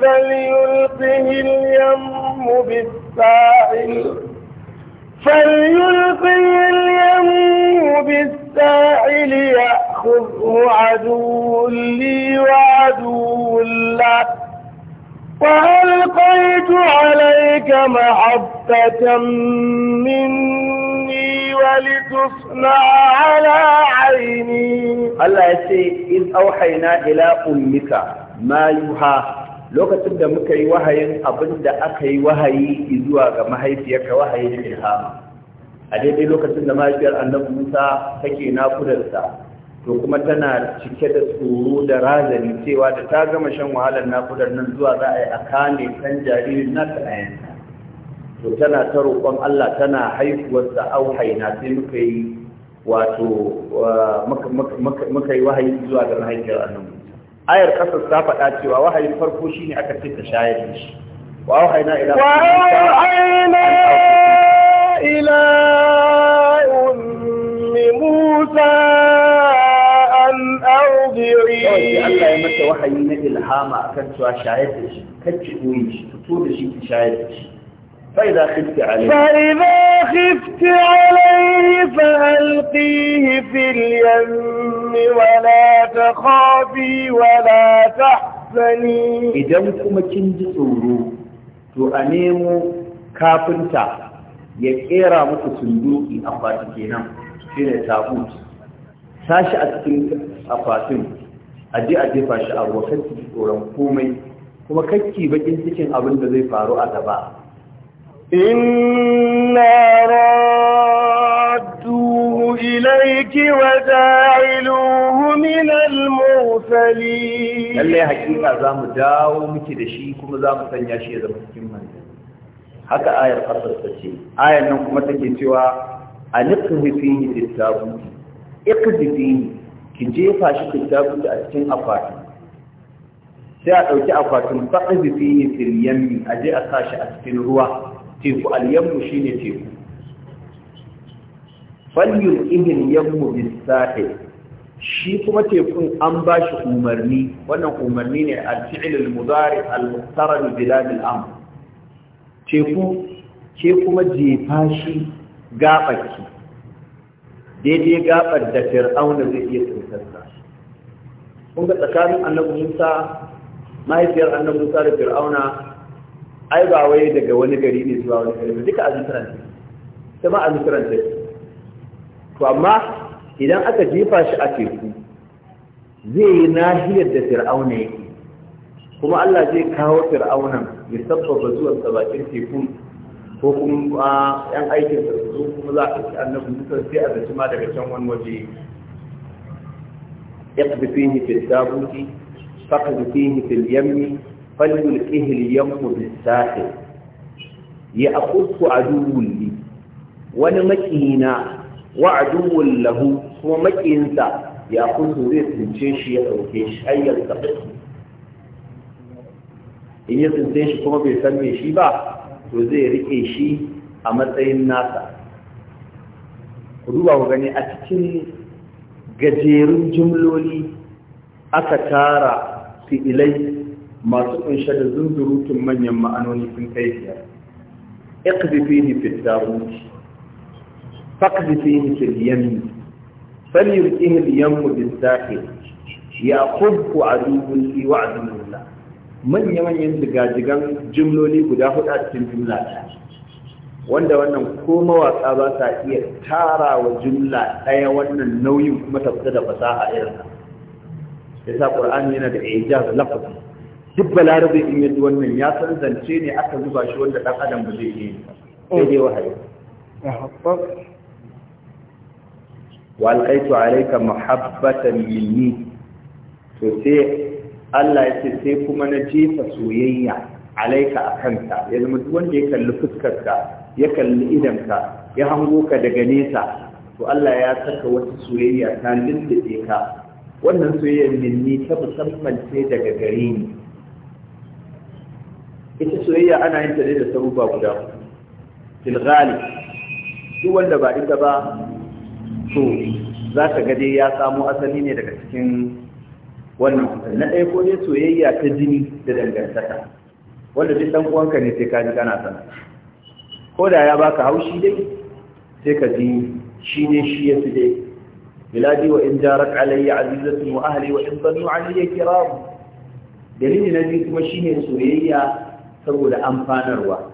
[SPEAKER 1] فليلقه اليم بالساحل فليلقي اليم بالساحل يأخذه عدو لي وعدو له وألقيت عليك محبة مني ولتصنع على عيني
[SPEAKER 2] الله يسي إذ أوحينا إلى أمك ما يوحى lokacin da muka yi wahayin abin da aka yi wahayi zuwa ga mahaifiyarka wahayin ilhama a daidai lokacin da mahaifiyar annabi musa take nakudarsa to kuma tana cike da tsoro da razani cewa da ta gama shan wahalar nakudar nan zuwa za a yi a ne kan jaririn na a to tana ta roƙon allah tana haihuwarsa auhaina sai muka yi wato uh, muka yi wahayi zuwa ga mahaifiyar annabi ayar kasar ta faɗa cewa wahayin farko shine aka ce
[SPEAKER 1] ta shayar da shi wa wahayina ila wa ila ummi musa an ardi'i Allah ya
[SPEAKER 2] mata wahayi na ilhama akan cewa shayar da shi kacce koyi shi fito da shi ki shayar da shi فإذا خفت عليه
[SPEAKER 1] فإذا خفت عليه فألقيه في اليم ولا تخافي ولا تحزني
[SPEAKER 2] إذا كما كنت tsoro to a nemo kafinta ya kera muku sunduki akwati kenan shi ne tabut a cikin akwatin a je a jefa tsoron komai kuma kakki bakin cikin abin da zai faru a gaba
[SPEAKER 1] إنا رادوه إليك وجاعلوه من المرسلين لله حقيقة
[SPEAKER 2] زام داو مكي دشي كما زام سنياشي زام سكين haka ayar ƙasar ce ayar nan kuma take cewa a nufi fiye da tabuti ikzifi ki jefa shi da tabuti a cikin akwatin sai a ɗauki akwatin faɗi fiye da a je a sa shi a cikin ruwa teku al shi ne teku falyul ihin yammu bis-sahil shi kuma tekun an ba shi umarni wannan umarni ne al-fi'l al-mudari al muktarar bi lam teku ke kuma jefa shi gabarki daidai gaɓar da fir'auna zai iya tsintarsa kun ga tsakanin annabi Musa mahaifiyar annabi Musa da fir'auna ai ba wai daga wani gari ne zuwa wani gari duka a misran take ta ma a misran take to amma idan aka jefa shi a teku zai yi nahiyar da fir'auna yake kuma Allah zai kawo fir'aunan ya sabbaba zuwan bakin tekun ko kuma yan aikin da su kuma za a ci annabi musa sai a zaci ma daga can wani waje yaqdi fihi fil tabuti faqdi fihi fil yammi فليلقه اليم بالساحل يأخذه عدو لي ونمكينا وعدو له shi ya dauke shi أي يلتقطه in ya tsince shi kuma bai san me shi ba to zai rike shi a matsayin nasa ku duba ku gani a cikin gajerun jumloli aka tara fi'ilai masu kunshe da zunzurutun manyan ma'anoni sun kai biyar iqdifihi fi darut faqdifihi fi al-yamin falyulqihi al-yamu bil-sahil yaqubku aduwwun li wa Manyan manyan jigajigan jimloli guda hudu a cikin jumla ɗaya wanda wannan ko mawaƙa ba sa iya tara wa jumla ɗaya wannan nauyin kuma ta da fasaha irin nan sa qur'ani yana da ijaz lafazi duk balarabe in yadda wannan ya san zance ne aka zuba shi wanda ɗan adam ba zai yi sai dai wahayi wa alƙaitu alaika mahabbatan minni to sai Allah ya ce sai kuma na jefa soyayya alaika a ya zama duk wanda ya kalli fuskarka ya kalli ka, ya hango ka daga nesa to Allah ya saka wata soyayya ta lindade ka wannan soyayya minni ta musamman sai daga gare ni ita soyayya ana yin ta ne da ba guda fil ghalib duk wanda ba ita ba to za ka ga dai ya samo asali ne daga cikin wannan na ɗaya ko ne soyayya ta jini da dangantaka wanda duk dan uwanka ne sai ka ji kana sana ko da ya baka haushi dai sai ka ji shi ne shi ya fi dai biladi wa in jarak alayya azizatu wa ahli wa in dhannu alayya kiram dalili na biyu kuma shine soyayya saboda amfanarwa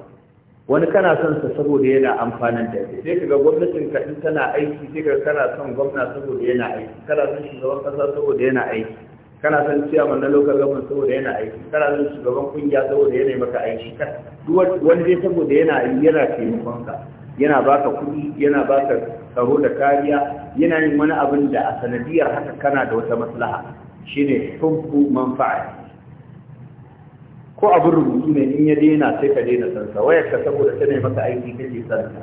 [SPEAKER 2] wani kana son sa saboda yana amfanar da kai sai kaga gwamnatin ka in tana aiki sai kaga kana son gwamna saboda yana aiki kana son shugaban kasa saboda yana aiki kana son ciyaman na local government saboda yana aiki kana son shugaban kungiya saboda yana maka aiki duk wani dai saboda yana yana taimakon ka yana baka kuɗi yana baka tsaro da kariya yana yin wani abin da a sanadiyar haka kana da wata maslaha shine hubbu manfa'a ko abin rubutu ne in ya daina sai ka daina sansa wayar ka saboda ta ne maka aiki kake sansa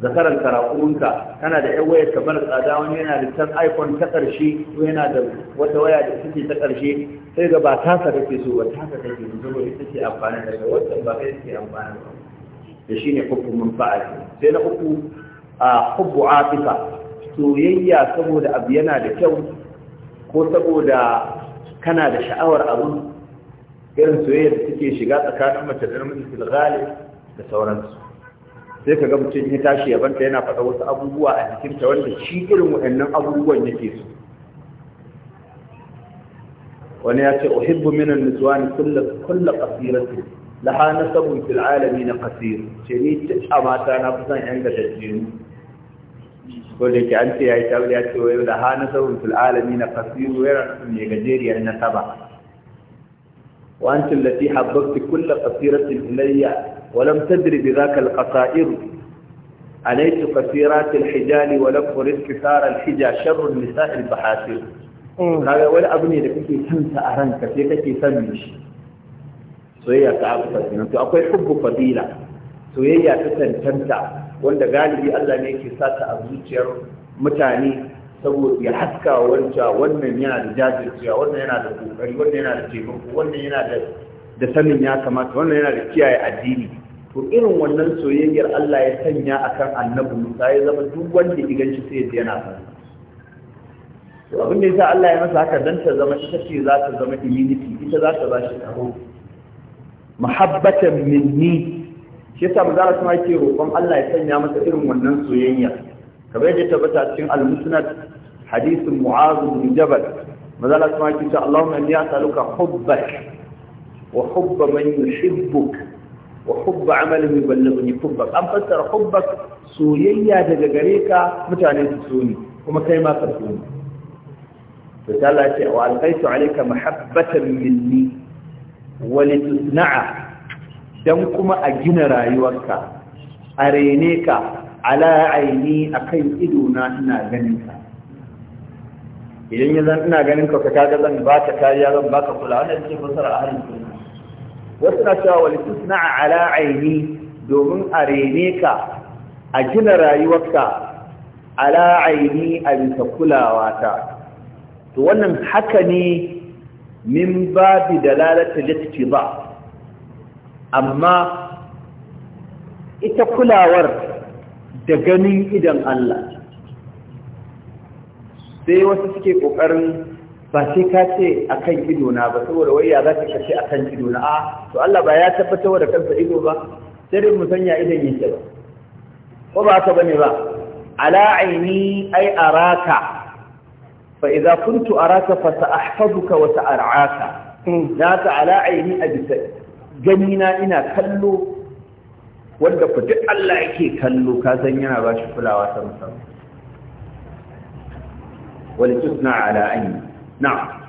[SPEAKER 2] zakaran karakunka kana da yan wayar kamar tsada wani yana da can iphone ta karshe ko yana da wata waya da take ta karshe sai ga ba tasa kake so ba tasa kake so saboda ita ce amfani da ita wannan ba kai take amfani ba da shi shine hukumun fa'ali sai na uku a hubbu atifa soyayya saboda abu yana da kyau ko saboda kana da sha'awar abu irin soyayya da suke shiga tsakanin mace da namiji fil ghalib da sauransu sai ka ga mutum ya tashi ya banta yana faɗa wasu abubuwa a jikinta wanda shi irin waɗannan abubuwan yake so wani ya ce uhibbu min an-niswan kullu kullu qasiratin laha nasabun fil alamin qasir ce ni ta mata na kusan yan gajejjeru ko da ke an ce yi tabbata ya ce wai laha nasabun fil alamin qasir wai ran ne gajeriyar nasaba وأنت التي حضرت كل قصيرة إلي ولم تدري بذاك القصائر عليت قصيرات الحجال ولك رزق ثار الحجا شر النساء البحاسر هذا ولا أبني لك في سنسى أرنك في كتي سنش سوية تعبت أنت أقول حب فضيلة سوية تسن تنسى وانت قال لي ألا نيكي ساتة أبزوتير متاني saboda ya haska wancan, wannan yana da jajircewa wannan yana da kokari wannan yana da taimako wannan yana da da sanin ya kamata wannan yana da kiyaye addini to irin wannan soyayyar Allah ya sanya akan annabi Musa ya zama duk wanda ya ganci sai ya yana san to abin da yasa Allah ya masa haka dan ta zama ita ce za ta zama immunity ita za ta bashi tsaro mahabbatan minni shi yasa mu kuma su ma roƙon Allah ya sanya masa irin wannan soyayya kamar yadda tabbata cikin al-musnad hadisin mu'az bin jabal mazala kuma ki ta Allahumma inni as'aluka hubbak wa hubba man yuhibbuk wa hubba amalin yuballighuni hubbak an fassara hubbak soyayya daga gare ka mutane su so ni kuma kai ma ka so ni to sai Allah ya ce wa alqaitu alayka mahabbatan minni wa litusna'a dan kuma a gina rayuwarka a rene ka ala aini akan ido na ina ganin ka idan ya zan ina ganin ka kaga zan ba ka kariya zan ba ka kula wannan ce fasara a harin sunna wasu na cewa suna tusna ala aini domin a rene ka a gina rayuwarka ala aini a bisa kulawa ta to wannan haka ne min babi dalalata ba amma ita kulawar da ganin idan Allah sai wasu suke ƙoƙarin ba sai ka ce akan ido na ba saboda wai ya za ka kace akan ido na a to Allah ba ya tabbatar da kansa ido ba sai mu sanya idan yake ba ko ba haka bane ba ala aini ai araka fa idza kuntu araka fa sa'ahfazuka wa sa'araka hmm. na ta ala aini abisa gani na ina kallo wanda ku duk Allah yake kallo ka san yana ba shi kulawa ta musamman wal tusna ala ayi
[SPEAKER 3] na'am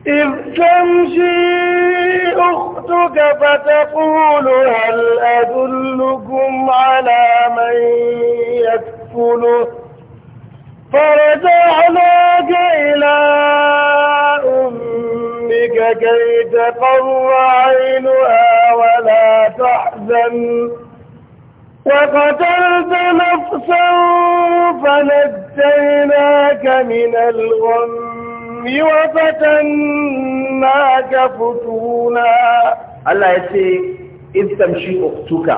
[SPEAKER 1] إذ تمشي أختك فتقول هل أدلكم على من يكفله فرجعناك إلى أمك كي تقر عينها ولا تحزن تحزن وقتلت نفسا فنجيناك من الغم وفتناك فتونا الله يسي إذ تمشي أختك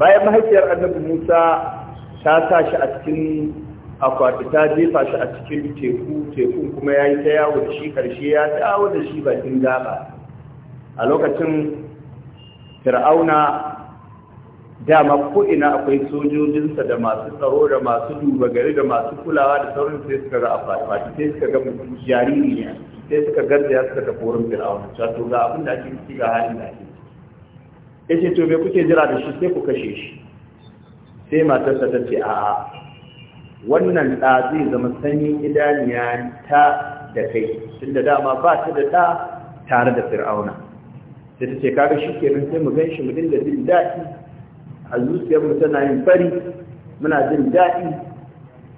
[SPEAKER 1] بايا ما هيتير أنب موسى
[SPEAKER 2] تاتا شأتكين akwati ta jefa shi a cikin teku teku kuma ya yi ta yawo da shi karshe ya ta yawo da shi bakin gaba a lokacin fir'auna dama ko ina akwai sojojinsa da masu tsaro da masu duba gari da masu kulawa da sauran sai suka ga afafafi sai suka ga jariri ne sai suka garzaya suka tafi wurin fir'auna cewa to ga abin da ake ciki ga halin da ake ya ce to me kuke jira da shi sai ku kashe shi sai matarsa ta ce a'a wannan ɗa zai zama sani idaniya ta da kai tunda dama ba ta da ɗa tare da fir'auna da ta ce kaga shi kenan sai mu gan shi mu dinga jin daɗi a mu tana yin fari muna jin daɗi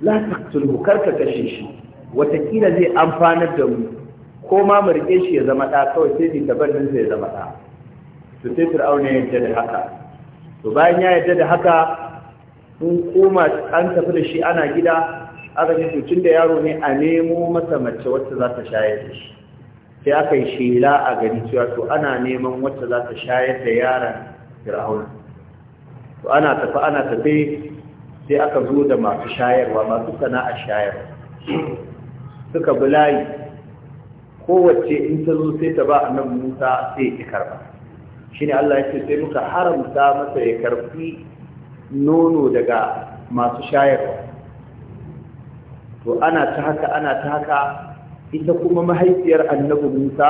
[SPEAKER 2] la taqtulhu karka kashe shi watakila zai amfanar da mu ko ma mu rike shi ya zama ɗa kawai sai ni gaban nan zai zama ɗa to sai fir'auna ya yarda da haka to bayan ya yarda da haka sun koma an tafi da shi ana gida aka ce to tunda yaro ne a nemo masa mace wacce za ta shayar da shi sai aka yi shela a gari cewa to ana neman wacce za ta shayar da yaran fir'auna to ana tafi ana tafi sai aka zo da masu shayarwa masu sana'a shayarwa suka bi layi kowace in ta zo sai ta ba annabi Musa sai ya karba shine Allah ya ce sai muka haramta masa ya karfi nono daga masu shayarwa to ana ta haka ana ta haka ita kuma mahaifiyar annabi Musa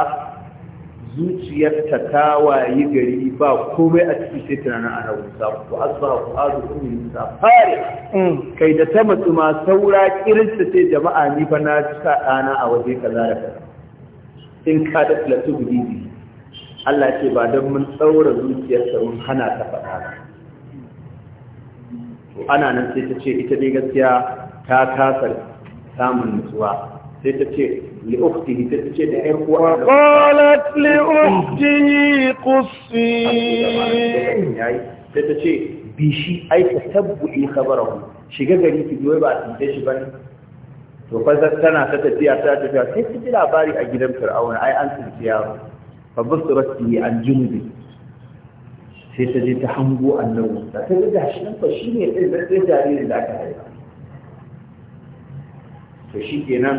[SPEAKER 2] zuciyarta ta wayi gari ba komai a cikin sai tunanin ana musa ku asba ku azu ku musa fare mm. kai da ta mutu ma saura kirista sai jama'a ni fa na sa ɗana a waje kaza da kaza in ka da filatu gudidi Allah ce ba dan mun tsaura zuciyarta mun hana ta faɗa ba ana nan sai ta ce ita dai gaskiya ta kasa samun nutsuwa sai ta ce وقالت لأخته قصي sai ta ce bi shi aika tabbuɗe kabarahu shiga gari ki biyo ba a tsince shi ba ne to fa tana ta tafiya ta tafiya sai ta ji labari a gidan fir'auna ai an tsince sai ta je ta hango annabi ta ta ga shi nan fa shi ne sai da jaririn da aka haifa to shi kenan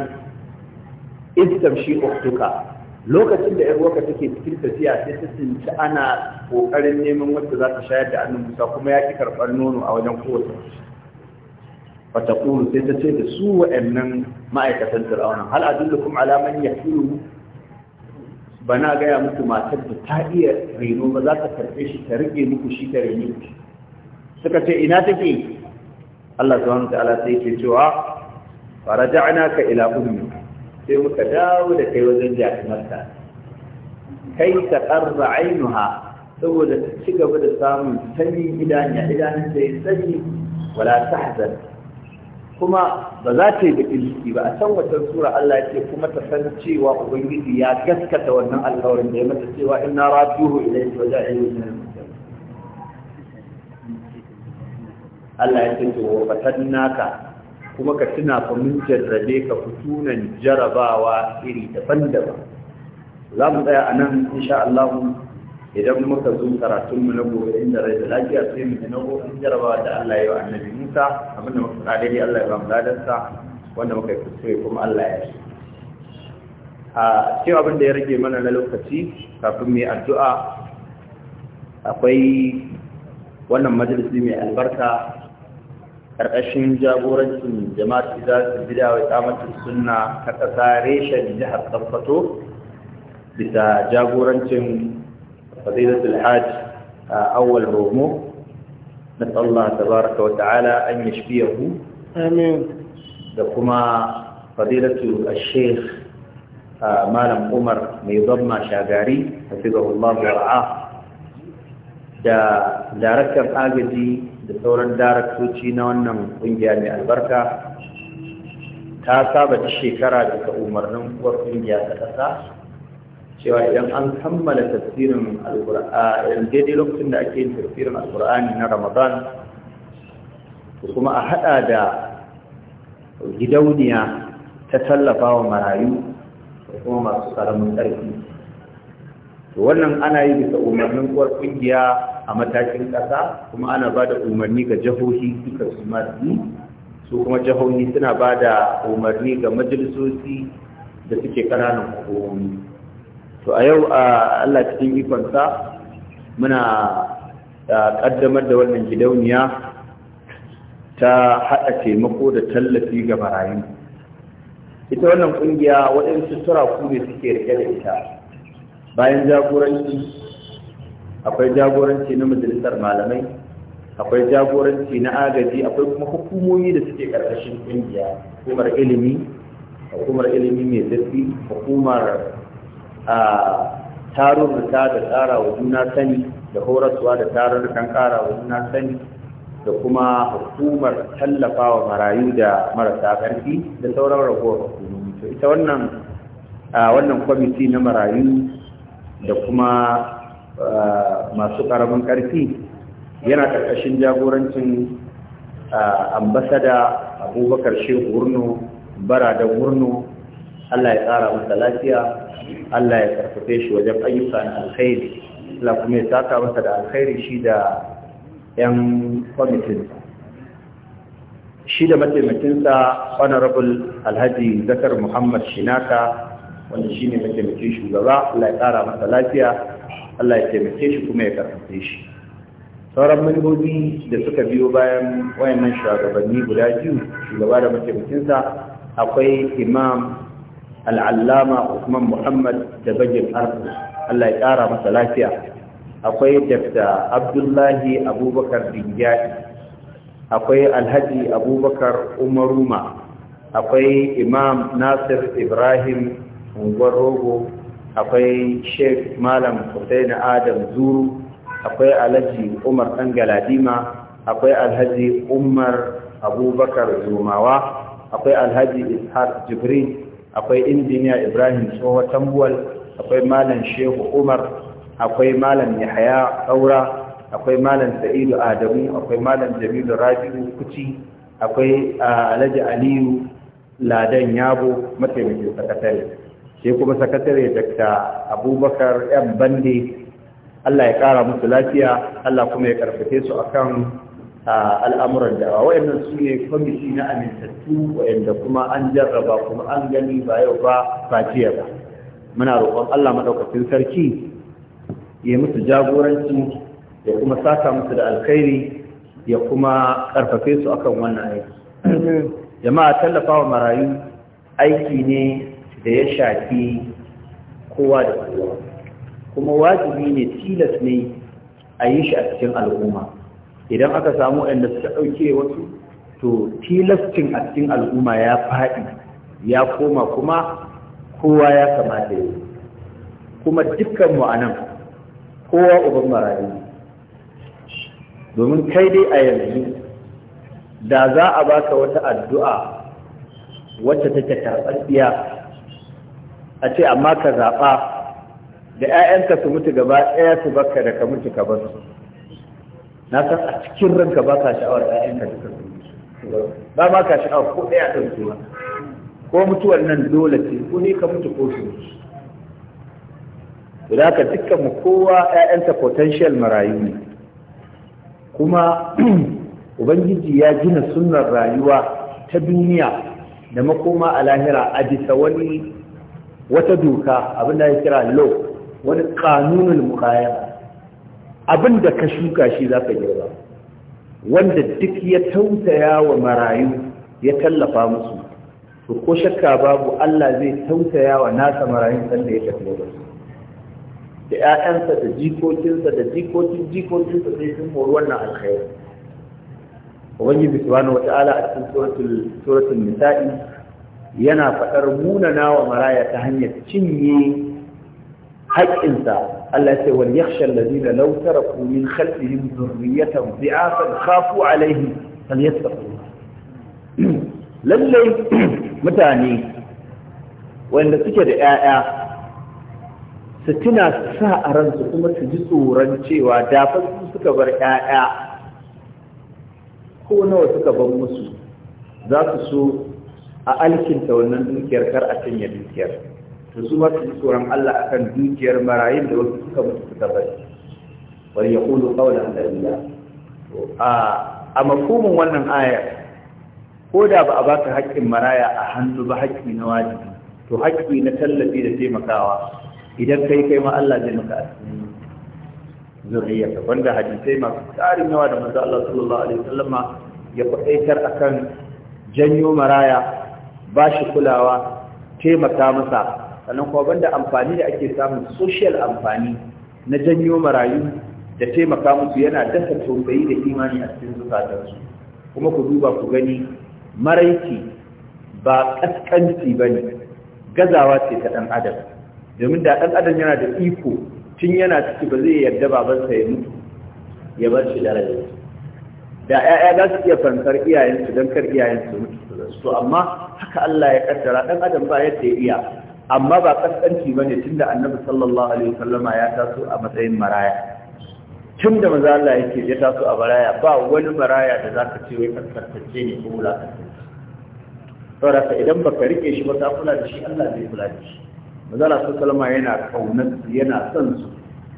[SPEAKER 2] istamshi uktuka lokacin da 'yar uwarka take cikin tafiya sai ta tsinci ana kokarin neman wacce za ta shayar da annan musa kuma ya ki karɓar nono a wajen kowace fata kulu sai ta ce da su wa'annan ma'aikatan fir'aunan hal adullukum ala man yakilu bana gaya muku matar da ta iya reno ba za ta karɓe shi ta rike muku shi ta rene suka ce ina take Allah subhanahu wa ta'ala sai ke cewa faraja'naka ila ummika sai muka dawo da kai wajen jakimarta kai ta ƙarra ainuha saboda ta ci gaba da samun sanyi idaniya idanun ta yi sanyi wala ta hazar kuma ba za ta yi da ciki ba a can wata sura Allah ya ce kuma ta san cewa ubangiji ya gaskata wannan alkawarin da ya mata cewa inna rajuhu ilayhi wa ja'ilu min Allah ya ce to wa kuma ka tuna fa mun jarrabe ka fitunan jarabawa iri daban-daban za mu tsaya a nan insha Allah idan muka zo karatunmu na gobe inda rai da lafiya sai mu na gobe jarabawa da Allah ya yi wa annabi Musa abin da muka dai Allah ya ba mu ladarsa wanda muka yi kuma Allah ya yi a cikin abin da ya rage mana na lokaci kafin mu yi addu'a akwai wannan majalisi mai albarka ƙarƙashin jagorancin jama'ar izar bida wa ikamatu sunna ta ƙasa reshen jihar tabbato bisa jagorancin fadilatul hajj a awal romo na Allah tabaraka wa ta'ala an yashfiyahu amin da kuma fadilatu ash-shaykh malam Umar mai zamma shagari hafizahullahu wa da daraktan agaji da sauran daraktoci na wannan kungiya mai albarka ta saba ta shekara daga umarnin kuwar kungiya ta ƙasa cewa idan an kammala tafsirin alƙur'ani daidai lokacin da ake yin tafsirin alƙur'ani na ramadan kuma a haɗa da gidauniya ta tallafa wa marayu da kuma masu karamin ƙarfi wannan ana yi bisa umarnin kuwar kungiya a matakin ƙasa kuma ana ba da umarni ga jihohi suka su masu su kuma jihohi suna ba da umarni ga majalisoci da suke ƙananan hukumomi to a yau a allah cikin ikonsa muna ƙaddamar da wannan gidauniya ta haɗa taimako da tallafi ga marayu ita wannan ƙungiya waɗansu turaku ne suke rike da ita bayan jagoranci akwai jagoranci na majalisar malamai akwai jagoranci na agaji akwai kuma hukumomi da suke karkashin kungiya hukumar ilimi hukumar ilimi mai zafi hukumar tarurruka da tsara wa juna sani da horaswa da tarurrukan kara wa juna sani da kuma hukumar tallafa wa marayu da marasa ƙarfi da sauran ragowar hukumomi to ita wannan wannan kwamiti na marayu da kuma masu ƙaramin ƙarfi yana ƙarƙashin jagorancin ambasada abubakar shehu wurno bara da wurno allah ya tsara masa lafiya allah ya karfafe shi wajen ayyuka na alkhairi allah kuma ya saka masa da alkhairi shi da 'yan kwamitin. shi da mataimakinsa honorable alhaji zakar muhammad shinaka wanda shi ne mataimakin shugaba allah ya tsara masa lafiya Allah ya taimake shi kuma ya karfafe shi sauran manubobi da suka biyo bayan wayannan shugabanni guda biyu shugaba da mataimakinsa akwai imam al'allama usman muhammad da bajin arzu Allah ya ƙara masa lafiya akwai dafta abdullahi abubakar dingyadi akwai alhaji abubakar umaruma akwai imam nasir ibrahim unguwar rogo akwai sheikh malam hussein adam zuru akwai alhaji umar dan galadima akwai alhaji umar abubakar zomawa akwai alhaji ishaq jibril akwai injiniya ibrahim tsoho tambuwal
[SPEAKER 3] akwai malam shehu umar akwai malam yahaya aura akwai malam sa'idu adamu akwai malam jamilu rabi'u
[SPEAKER 2] kuci akwai ah, alhaji aliyu ladan yabo mataimakin sakatare sai kuma sakatare Dr. Abubakar M Bande Allah ya kara musu lafiya Allah kuma ya karfafe su akan al'amuran da wayannan su ne kwamiti na amintattu wayanda kuma an jarraba kuma an gani ba yau ba ba jiya ba muna roƙon Allah madaukakin sarki ya musu jagoranci ya kuma saka musu da alkhairi ya kuma karfafe su akan wannan aiki jama'a tallafawa marayu aiki ne da ya shafi kowa da kowa kuma wajibi ne tilas ne a yi shi a cikin al'umma idan aka samu wanda suka ɗauke wasu to tilascin a cikin al'umma ya faɗi ya koma kuma kowa ya kamata yi kuma dukkanmu a nan kowa uban marayu domin kai dai a yanzu da za a baka wata addu'a wacce take karɓar a ce amma ka zaɓa da 'ya'yanka su mutu gaba ɗaya su baka da ka mutu ka basu na san a cikin ranka ba ka sha'awar 'ya'yanka duka su mutu ba ma ka sha'awar ko ɗaya ɗan su ba ko mutuwar nan dole ce ko ne ka mutu
[SPEAKER 3] ko su mutu
[SPEAKER 2] to ka dukkan mu kowa ‘ya’yanka potential marayu ne kuma ubangiji ya gina sunnar rayuwa ta duniya da makoma a lahira a bisa wani wata doka abin da ya kira law wani kanunin muqayyada abinda ka shuka shi zaka girba wanda duk ya tausaya wa marayu ya tallafa musu to ko shakka babu Allah zai tausaya wa nasa marayun sanda da ya tafi da su da 'ya'yansa da jikokinsa da jikokin jikokinsa zai sun mori wannan alkhairi ubangiji wata ala a cikin suratun suratul nisa'i yana faɗar munana wa maraya ta hanyar cinye haƙƙinsa Allah ce wal yakhsha alladhina law taraku min khalfihim dhurriyatan dhi'afan khafu alaihim falyattaqu Lallai mutane wanda suke da 'ya'ya su tuna su sa a ransu kuma su ji tsoron cewa da fa suka bar 'ya'ya ko nawa suka bar musu za su so a alkinta wannan dukiyar kar a cinye dukiyar to su ma su ji tsoron Allah akan dukiyar marayun da wasu suka mutu suka bari Wani yaqulu qawlan sadida to a a mafhumin wannan aya ko da ba a baka haƙƙin maraya a hannu ba haƙƙi na wajibi to haƙƙi na tallafi da taimakawa idan kai kai ma Allah zai maka zuriya ta wanda hadisai masu tsarin yawa da manzo Allah sallallahu alaihi wasallama ya faɗaitar akan janyo maraya ba shi kulawa taimaka masa sannan kuma banda amfani da ake samun social amfani na janyo marayu da taimaka musu yana dasa tausayi da imani a cikin zukatansu kuma ku duba ku gani maraici ba kaskanci ba ne gazawa ce ta ɗan adam domin da ɗan adam yana da iko tun yana ciki ba zai yarda babansa ya mutu ya bar shi da rai da 'ya'ya za su iya fansar iyayensu don kar iyayensu mutu su to amma haka Allah ya kaddara dan adam ba yadda ya iya amma ba kaskanci bane tunda annabi sallallahu alaihi wasallama ya taso a matsayin maraya tun da maza Allah yake ya taso a baraya ba wani maraya da zaka ce wai kaskantacce ne ko wulakantacce saboda sai idan baka rike shi ba ka kula da shi Allah zai kula da shi maza Allah sun salama yana kaunar yana son su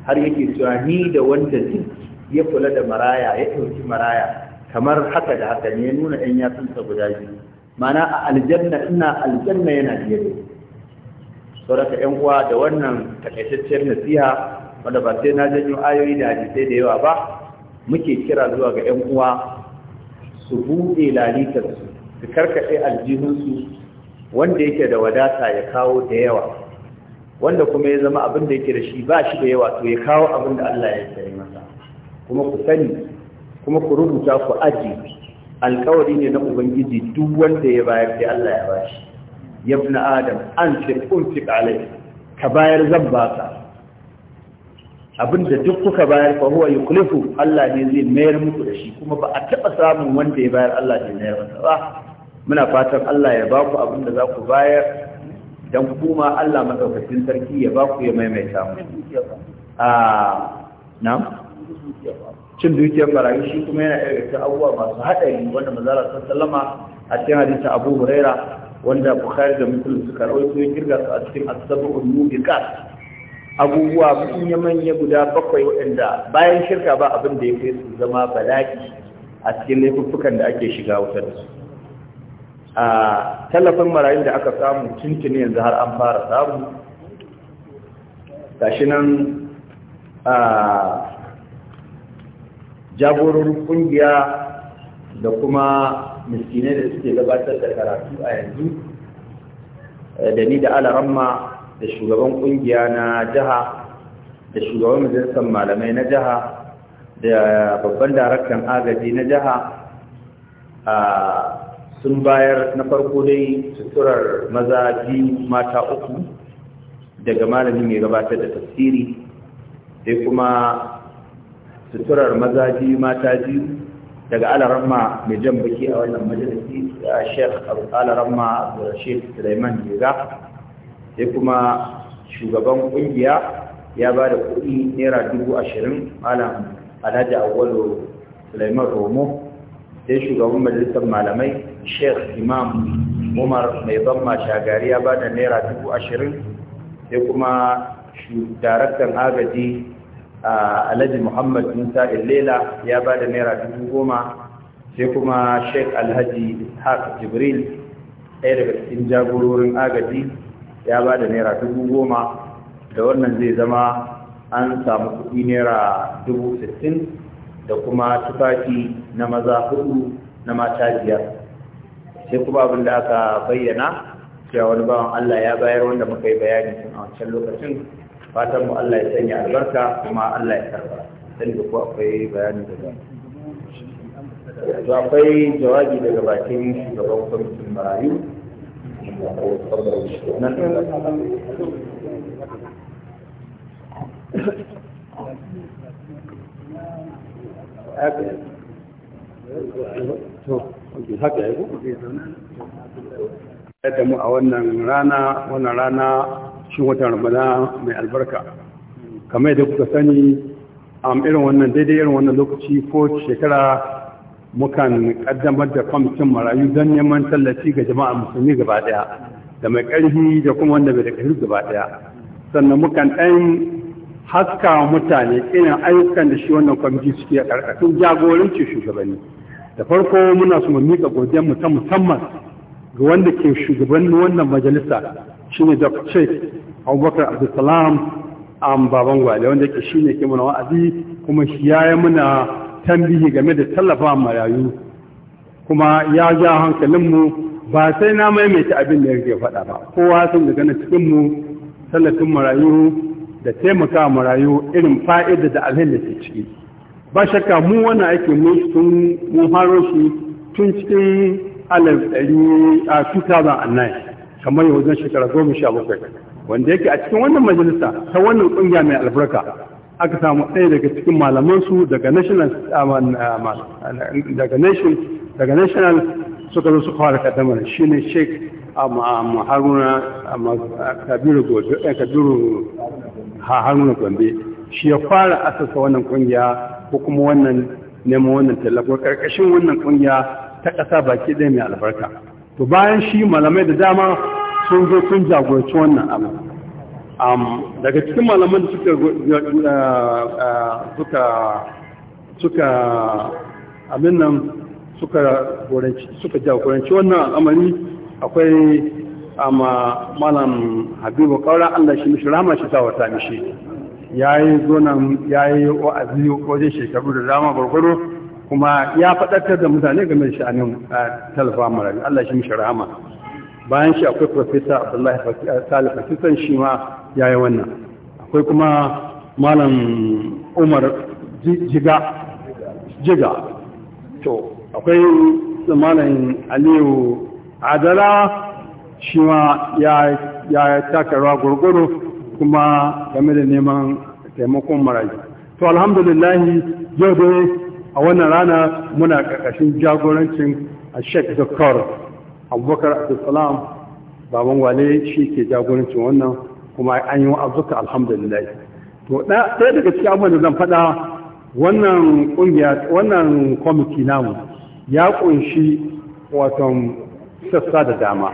[SPEAKER 2] har yake cewa ni da wanda duk ya kula da maraya ya ɗauki maraya kamar haka da haka ne nuna ɗan yatsunsa guda biyu mana a aljanna ina aljanna yana biye da sauraka yan uwa da wannan takaitacciyar nasiha wanda ba sai na janyo ayoyi da hadisai da yawa ba muke kira zuwa ga yan uwa su buɗe lalitarsu su karkaɗe aljihunsu wanda yake da wadata ya kawo da yawa wanda kuma ya zama abin da yake da shi ba shi da yawa to ya kawo abin da Allah ya tsare masa kuma ku sani kuma ku rubuta ku aji alkawari ne na ubangiji duk wanda ya bayar da Allah ya bashi Yabna adam an ce unfiq alai ka bayar zan ba baka abinda duk kuka bayar fa huwa yuklifu Allah ne zai mayar muku da shi kuma ba a taba samun wanda ya bayar Allah ne mayar masa ba muna fatan Allah ya baku abinda za ku bayar dan kuma Allah madaukakin sarki ya baku ya maimaita mu a na'am cin dukiyar barayi shi kuma yana ɗaya daga abubuwa masu haɗari wanda mazara sun sallama a cikin hadisa abu huraira wanda bukhari da muslim suka rawaito ya girga su a cikin asabu'ul mubiqat abubuwa manya manya guda bakwai waɗanda bayan shirka ba abin da ya kai su zama bala'i a cikin laifuffukan da ake shiga wuta da su a tallafin marayun da aka samu tuntuni yanzu har an fara samu gashi nan jagororin kungiya da kuma miskinai da suke gabatar da karatu a yanzu eh, da ni da alaramma da shugaban kungiya na jiha da shugaban majalisar malamai na jiha da babban daraktan agaji na jiha sun bayar na farko dai suturar maza biyu mata uku daga malami mai gabatar da tafsiri sai kuma suturar maza biyu mata biyu daga alarama mai jan baki a wannan majalisi a sheikh alarama rashid suleiman jega sai kuma shugaban kungiya ya ba da kuɗi naira dubu ashirin malam alhaji awalo suleiman romo sai shugaban majalisar malamai sheikh imam umar mai ban shagari ya ba da naira dubu ashirin sai kuma daraktan agaji alhaji muhammad musa illela ya ba da naira dubu goma sai kuma sheik alhaji ishaq jibril ɗaya daga cikin jagororin agaji ya ba da naira dubu goma da wannan zai zama an samu kuɗi naira dubu sittin da kuma tufafi na maza hudu na mata biyar sai kuma abin da aka bayyana cewa wani bawan allah ya bayar wanda muka yi bayani tun a wancan lokacin fatan mu Allah ya sanya albarka kuma Allah ya karba dan da ku akwai bayani daga to akwai jawabi daga bakin shugaban kwamitin marayu
[SPEAKER 3] ya da mu a wannan rana wannan rana shi wata ramada mai albarka kamar yadda kuka sani a irin wannan daidai irin wannan lokaci ko shekara mukan kaddamar da kwamitin marayu don neman tallafi ga jama'a musulmi gaba daya da mai ƙarfi da kuma wanda bai da karfi gaba daya sannan mukan ɗan haska mutane irin ayyukan da shi wannan kwamiti suke a ƙarƙashin jagorancin shugabanni da farko muna su mu miƙa godiyar mu ta musamman ga wanda ke shugabannin wannan majalisa shine Dr. Sheikh Abubakar Abdulsalam an baban gwale wanda yake shine ke muna wa'azi kuma shi ya yi muna tambihi game da tallafa marayu kuma ya ja hankalinmu ba sai na maimaita abin da yake faɗa ba kowa sun daga na cikin tallafin marayu da taimaka marayu irin fa'ida da alhain da ke ciki ba shakka mu wannan aikin mu sun mun tun cikin alif ɗari a 2009 kamar yau wajen shekara goma sha bakwai wanda yake a cikin wannan majalisa ta wannan kungiya mai albarka aka samu ɗaya daga cikin malaman su daga national daga nation daga national suka zo su fara kaddamar shine sheikh haruna kabiru gobe eh, kabiru haruna gombe shi ya fara asasa wannan kungiya ko kuma wannan neman wannan tallafin karkashin wannan kungiya ta ƙasa baki ɗaya mai albarka to bayan shi malamai da dama sun zo sun jagoranci wannan abu daga cikin malaman da suka suka suka jagoranci wannan al'amari akwai amma malam habibu ƙaura allah shi mishi rama shi tawata mishi ya yi zonan ya yi wa'azi wajen shekaru da dama gwargwaro kuma ya faɗakar da mutane game da sha'anin talafa marayu Allah shi mishi rahama bayan shi akwai profesa Abdullahi Salih Pakistan shi ma ya yi wannan akwai kuma malam Umar Jiga Jiga to akwai malam Aliyu Adala shi ma ya yi taka gurguru kuma game da neman taimakon marayu to alhamdulillahi. yau dai a wannan rana muna ƙarƙashin jagorancin a sheik zakar abubakar abdulsalam baban wale shi ke jagorancin wannan kuma an yi azuka alhamdulillah to ɗaya daga cikin abubuwan da zan faɗa wannan ƙungiya wannan kwamiti namu ya ƙunshi watan sassa da dama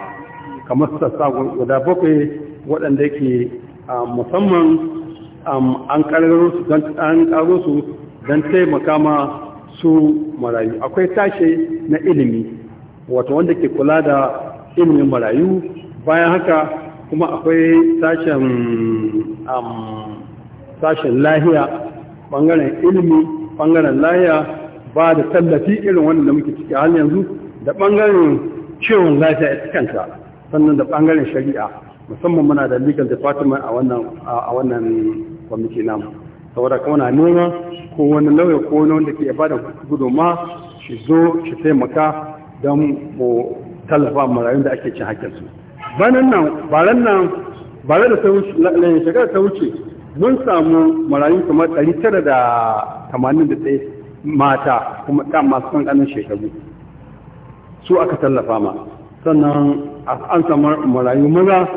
[SPEAKER 3] kamar sassa guda bakwai waɗanda ke musamman an ƙaro su don taimaka ma su marayu akwai sashe na ilimi wato wanda ke kula da ilimin marayu bayan haka kuma akwai sashen um, lahiya bangaren ilimi bangaren lahiya ba da tallafi irin wanda da muke ciki hal yanzu da bangaren ciwon lafiya ita kanta sannan da bangaren shari'a musamman muna da legal department a wannan a wannan kwamiti namu saboda na noma ko wani lauya ko wani wanda ke bada gudunma shi zo shi taimaka don mu tallafa marayun da ake cin haƙƙinsu banan nan baran nan bare da ta wuce shiga ta wuce mun samu marayun kamar 981 mata kuma ta masu kan ƙanin shekaru su aka tallafa ma sannan an samu marayu maza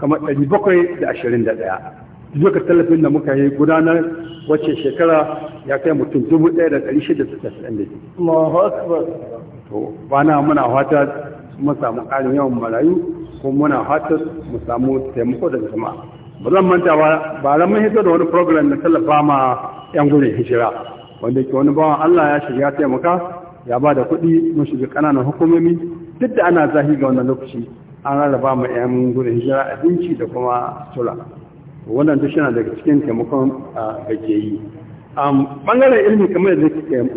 [SPEAKER 3] kamar 721 duka tallafin da muka yi gudanar wacce shekara ya kai mutum da Allahu Akbar to na muna hata mu samu ƙarin yawan marayu ko muna hata mu samu taimako daga jama'a ba zan manta ba ba ran mun hito da wani program na tallafa ma yan gudun hijira wanda ke wani bawan Allah ya shiga taimaka ya ba da kuɗi mun shiga ƙananan hukumomi duk da ana zahi ga wannan lokaci an rarraba ma yan gudun hijira abinci da kuma sula wannan duk yana daga cikin taimakon da ke yi ɓangaren ilimi kamar da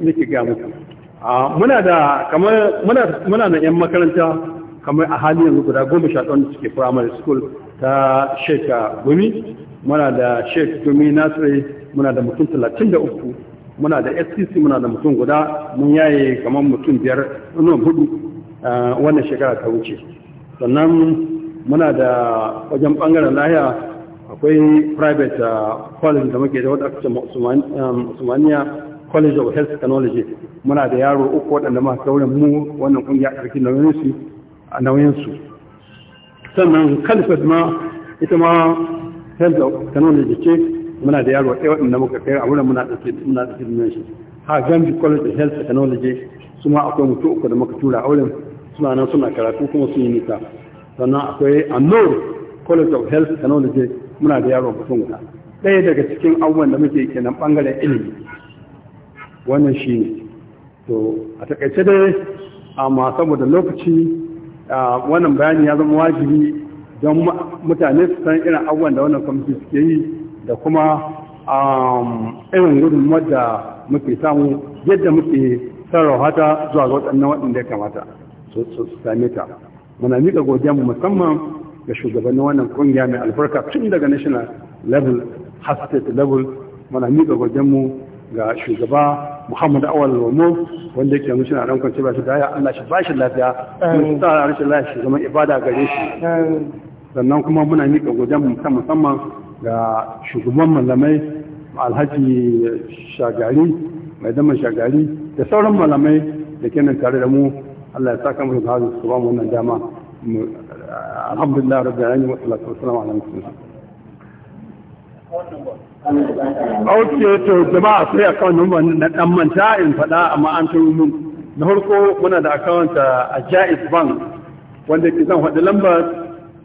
[SPEAKER 3] nake ga muku muna da kamar muna da yan makaranta kamar a halin yanzu guda goma sha ɗan suke primary school ta sheka gumi muna da shek gumi Nasiru. muna da mutum talatin da uku muna da stc muna da mutum guda mun yaye kamar mutum biyar nan hudu wannan shekara ta wuce sannan muna da wajen ɓangaren lahiya akwai private uh, college da muke da wadda aka ce um, college of health technology muna da yaro uku waɗanda masu saurin mu wannan kungiya a ƙarfi nauyinsu a nauyinsu sannan kalifat ma ita ma health of technology ce muna da yaro ɗaya waɗanda muka kai a wurin muna ɗauke muna ɗauke da shi ha gambi college of health technology su ma akwai mutu uku da muka tura a wurin suna nan suna karatu kuma sun yi nisa sannan akwai annur college of health technology muna da yaro mutum guda ɗaya daga cikin abubuwan da muke kenan ɓangaren ilimi wannan shi ne to a takaice dai amma saboda lokaci wannan bayani ya zama wajibi don mutane su san irin abubuwan da wannan kwamiti suke yi da kuma irin gudun da muke samu yadda muke sarrafa ta zuwa ga waɗannan waɗanda ya kamata su same ta muna miƙa godiya mu musamman ga shugabannin wannan kungiya mai albarka tun daga national level har state level muna miƙa gwajenmu ga shugaba muhammad awal lomo wanda yake yanzu suna ran kwanci ba shi daya allah shi ba shi lafiya kuma sa rashin lafiya shi zama ibada gare shi sannan kuma muna miƙa gwajenmu ta musamman ga shugaban malamai alhaji shagari mai dama shagari da sauran malamai da kenan tare da mu allah ya saka mu da su ba mu wannan dama الحمد لله رب العالمين والصلاه والسلام على
[SPEAKER 1] rasulillah ok to jama'a sai
[SPEAKER 3] akawun number na dan manta in faɗa amma an taro mun na harko muna da akawunta uh, a jais bank wanda ke zan faɗi lambar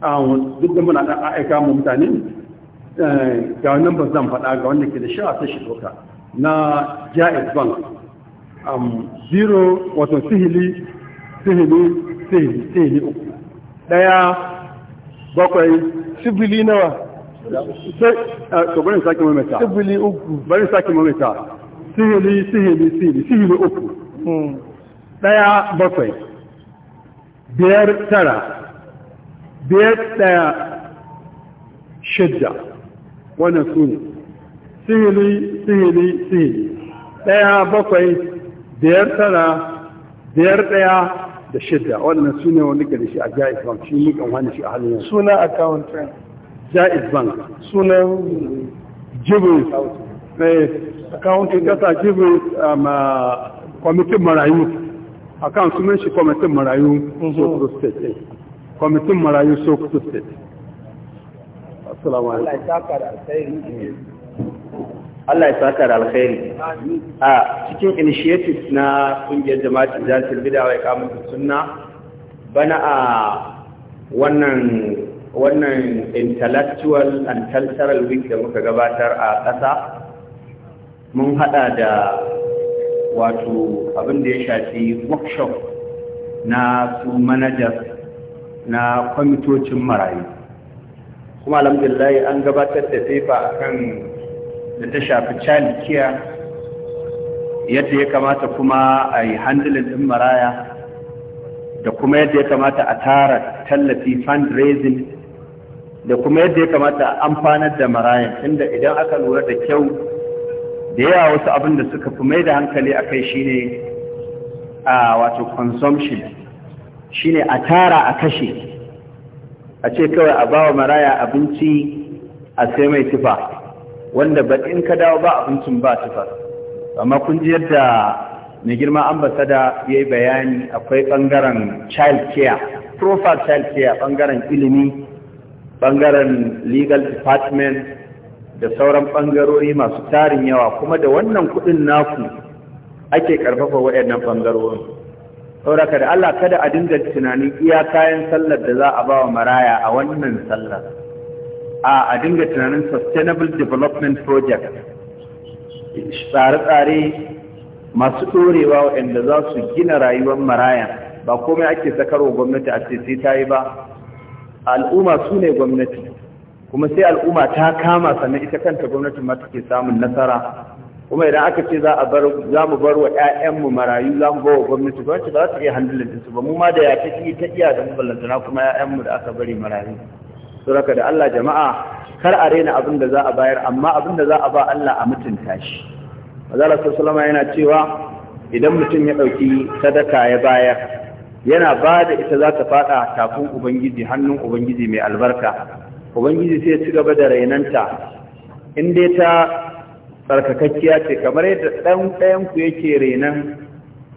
[SPEAKER 3] um, duk da muna da aika mu mutane eh, ga lambar zan faɗa ga wanda ke da sha ta shi doka na jais bank um, zero wato sihili sihili sihili
[SPEAKER 1] ɗaya bakwai sifili
[SPEAKER 3] nawa sai to sake uku bari sake mamita.
[SPEAKER 1] sihili sihili sihili sihili uku ɗaya hmm. bakwai biyar tara biyar ɗaya
[SPEAKER 3] shidda wannan su ne sihili sihili sihili ɗaya bakwai biyar tara biyar ɗaya da shidda wannan su ne wani da shi a jaiz bank shi ne wani shi a halin yanzu suna account jaiz bank sunan jibris eh, account ɗin ƙasa jibris um, uh, kwamitin marayu akan sunan shi kwamitin marayu mhm. sokoto state eh. kwamitin marayu sokoto state assalamu alaikum
[SPEAKER 2] Allah ya saka da alkhairi a cikin initiatives na kungiyar jama'atin jami'ar bid'a wa iqamatu sunna bana a wannan wannan intellectual and cultural week da muka gabatar a ƙasa mun hada da wato abin da ya shafi workshop na su managers na kwamitocin marayu kuma alhamdulillah an gabatar da a akan da ta shafi chalikiya yadda ya kamata kuma a yi handilin ɗin maraya da kuma yadda ya kamata a tara tallafi fundraising da kuma yadda ya kamata a amfanar da maraya inda idan aka lura da kyau da yawa wasu abin da suka fi mai da hankali a kai shine a wato consumption shine a tara a kashe a ce kawai a bawa maraya abinci a sai mai tufa wanda ba in ka dawo ba abincin ba tufar amma kun ji yadda mai girma ambasada ya yi bayani akwai ɓangaren child care proper child care bangaren ilimi bangaren legal department da sauran bangarori masu tarin yawa kuma da wannan kuɗin naku ake ƙarfafa waɗannan bangarori sauraka da Allah kada a dinga tunanin iya kayan sallar da za a ba wa maraya a wannan sallar a a dinga tunanin sustainable development project tsare-tsare masu ɗorewa waɗanda za su gina rayuwar maraya ba komai ake sakarwa gwamnati a sai ta yi ba al'umma su ne gwamnati kuma sai al'umma ta kama sannan ita kanta gwamnatin ma take samun nasara kuma idan aka ce za a bar za mu bar wa mu marayu za mu ba wa gwamnati gwamnati ba za ta iya handilin su ba mu ma da ya ta iya ta da mu ballantana kuma mu da aka bari marayu suraka da Allah jama'a kar a rena abin da za a bayar amma abin da za a ba Allah a mutunta shi mazala sallama yana cewa idan mutum ya ɗauki sadaka ya bayar yana ba da ita za ta faɗa tafin ubangiji hannun ubangiji mai albarka ubangiji sai ci gaba da rainanta in dai ta tsarkakakkiya ce kamar yadda ɗan ɗayan ku yake rainan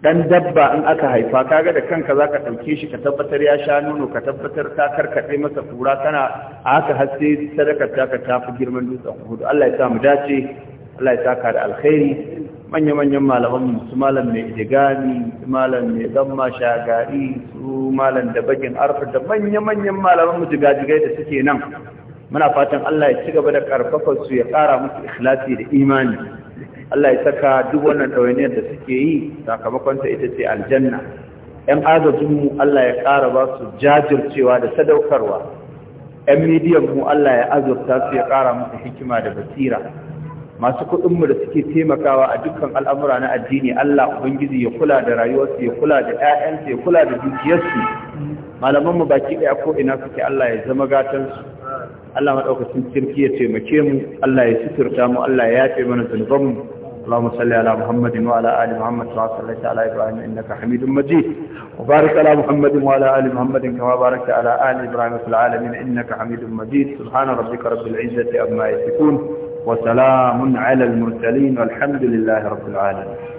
[SPEAKER 2] dan dabba in aka haifa kaga da kanka zaka dauke shi ka tabbatar ya sha nono ka tabbatar ta karkade masa kura kana haka hasse sadakar ta ka tafi girman dutsen hudu Allah ya sa mu dace Allah ya saka da alkhairi manya manyan malaman su malam mai jigani su malam mai zamma shagari su malam da bagin arfa da manya manyan malaman mu jigajigai da suke nan muna fatan Allah ya ci gaba da karfafa su ya kara musu ikhlasi da imani Allah ya saka duk wannan ɗawainiyar da suke yi sakamakonta ita ce aljanna ‘yan agajinmu Allah ya ƙara ba su jajircewa da sadaukarwa ‘yan midiyanmu Allah ya azurta su ya ƙara musu hikima da basira masu kuɗinmu da suke taimakawa a dukkan al'amura na addini Allah Ubangiji ya kula da rayuwarsu ya kula da ‘ya'yansu ya kula da dukiyarsu malamanmu baki ɗaya ko ina suke Allah ya zama gatansu Allah maɗaukacin kirki ya taimake mu, Allah ya suturta mu, Allah ya yafe mana zunubanmu, اللهم صل على محمد وعلى آل محمد كما صليت على إبراهيم إنك حميد مجيد وبارك على محمد وعلى آل محمد كما باركت على آل إبراهيم في العالمين إنك حميد مجيد سبحان ربك
[SPEAKER 1] رب العزة أما يصفون وسلام على المرسلين والحمد لله رب العالمين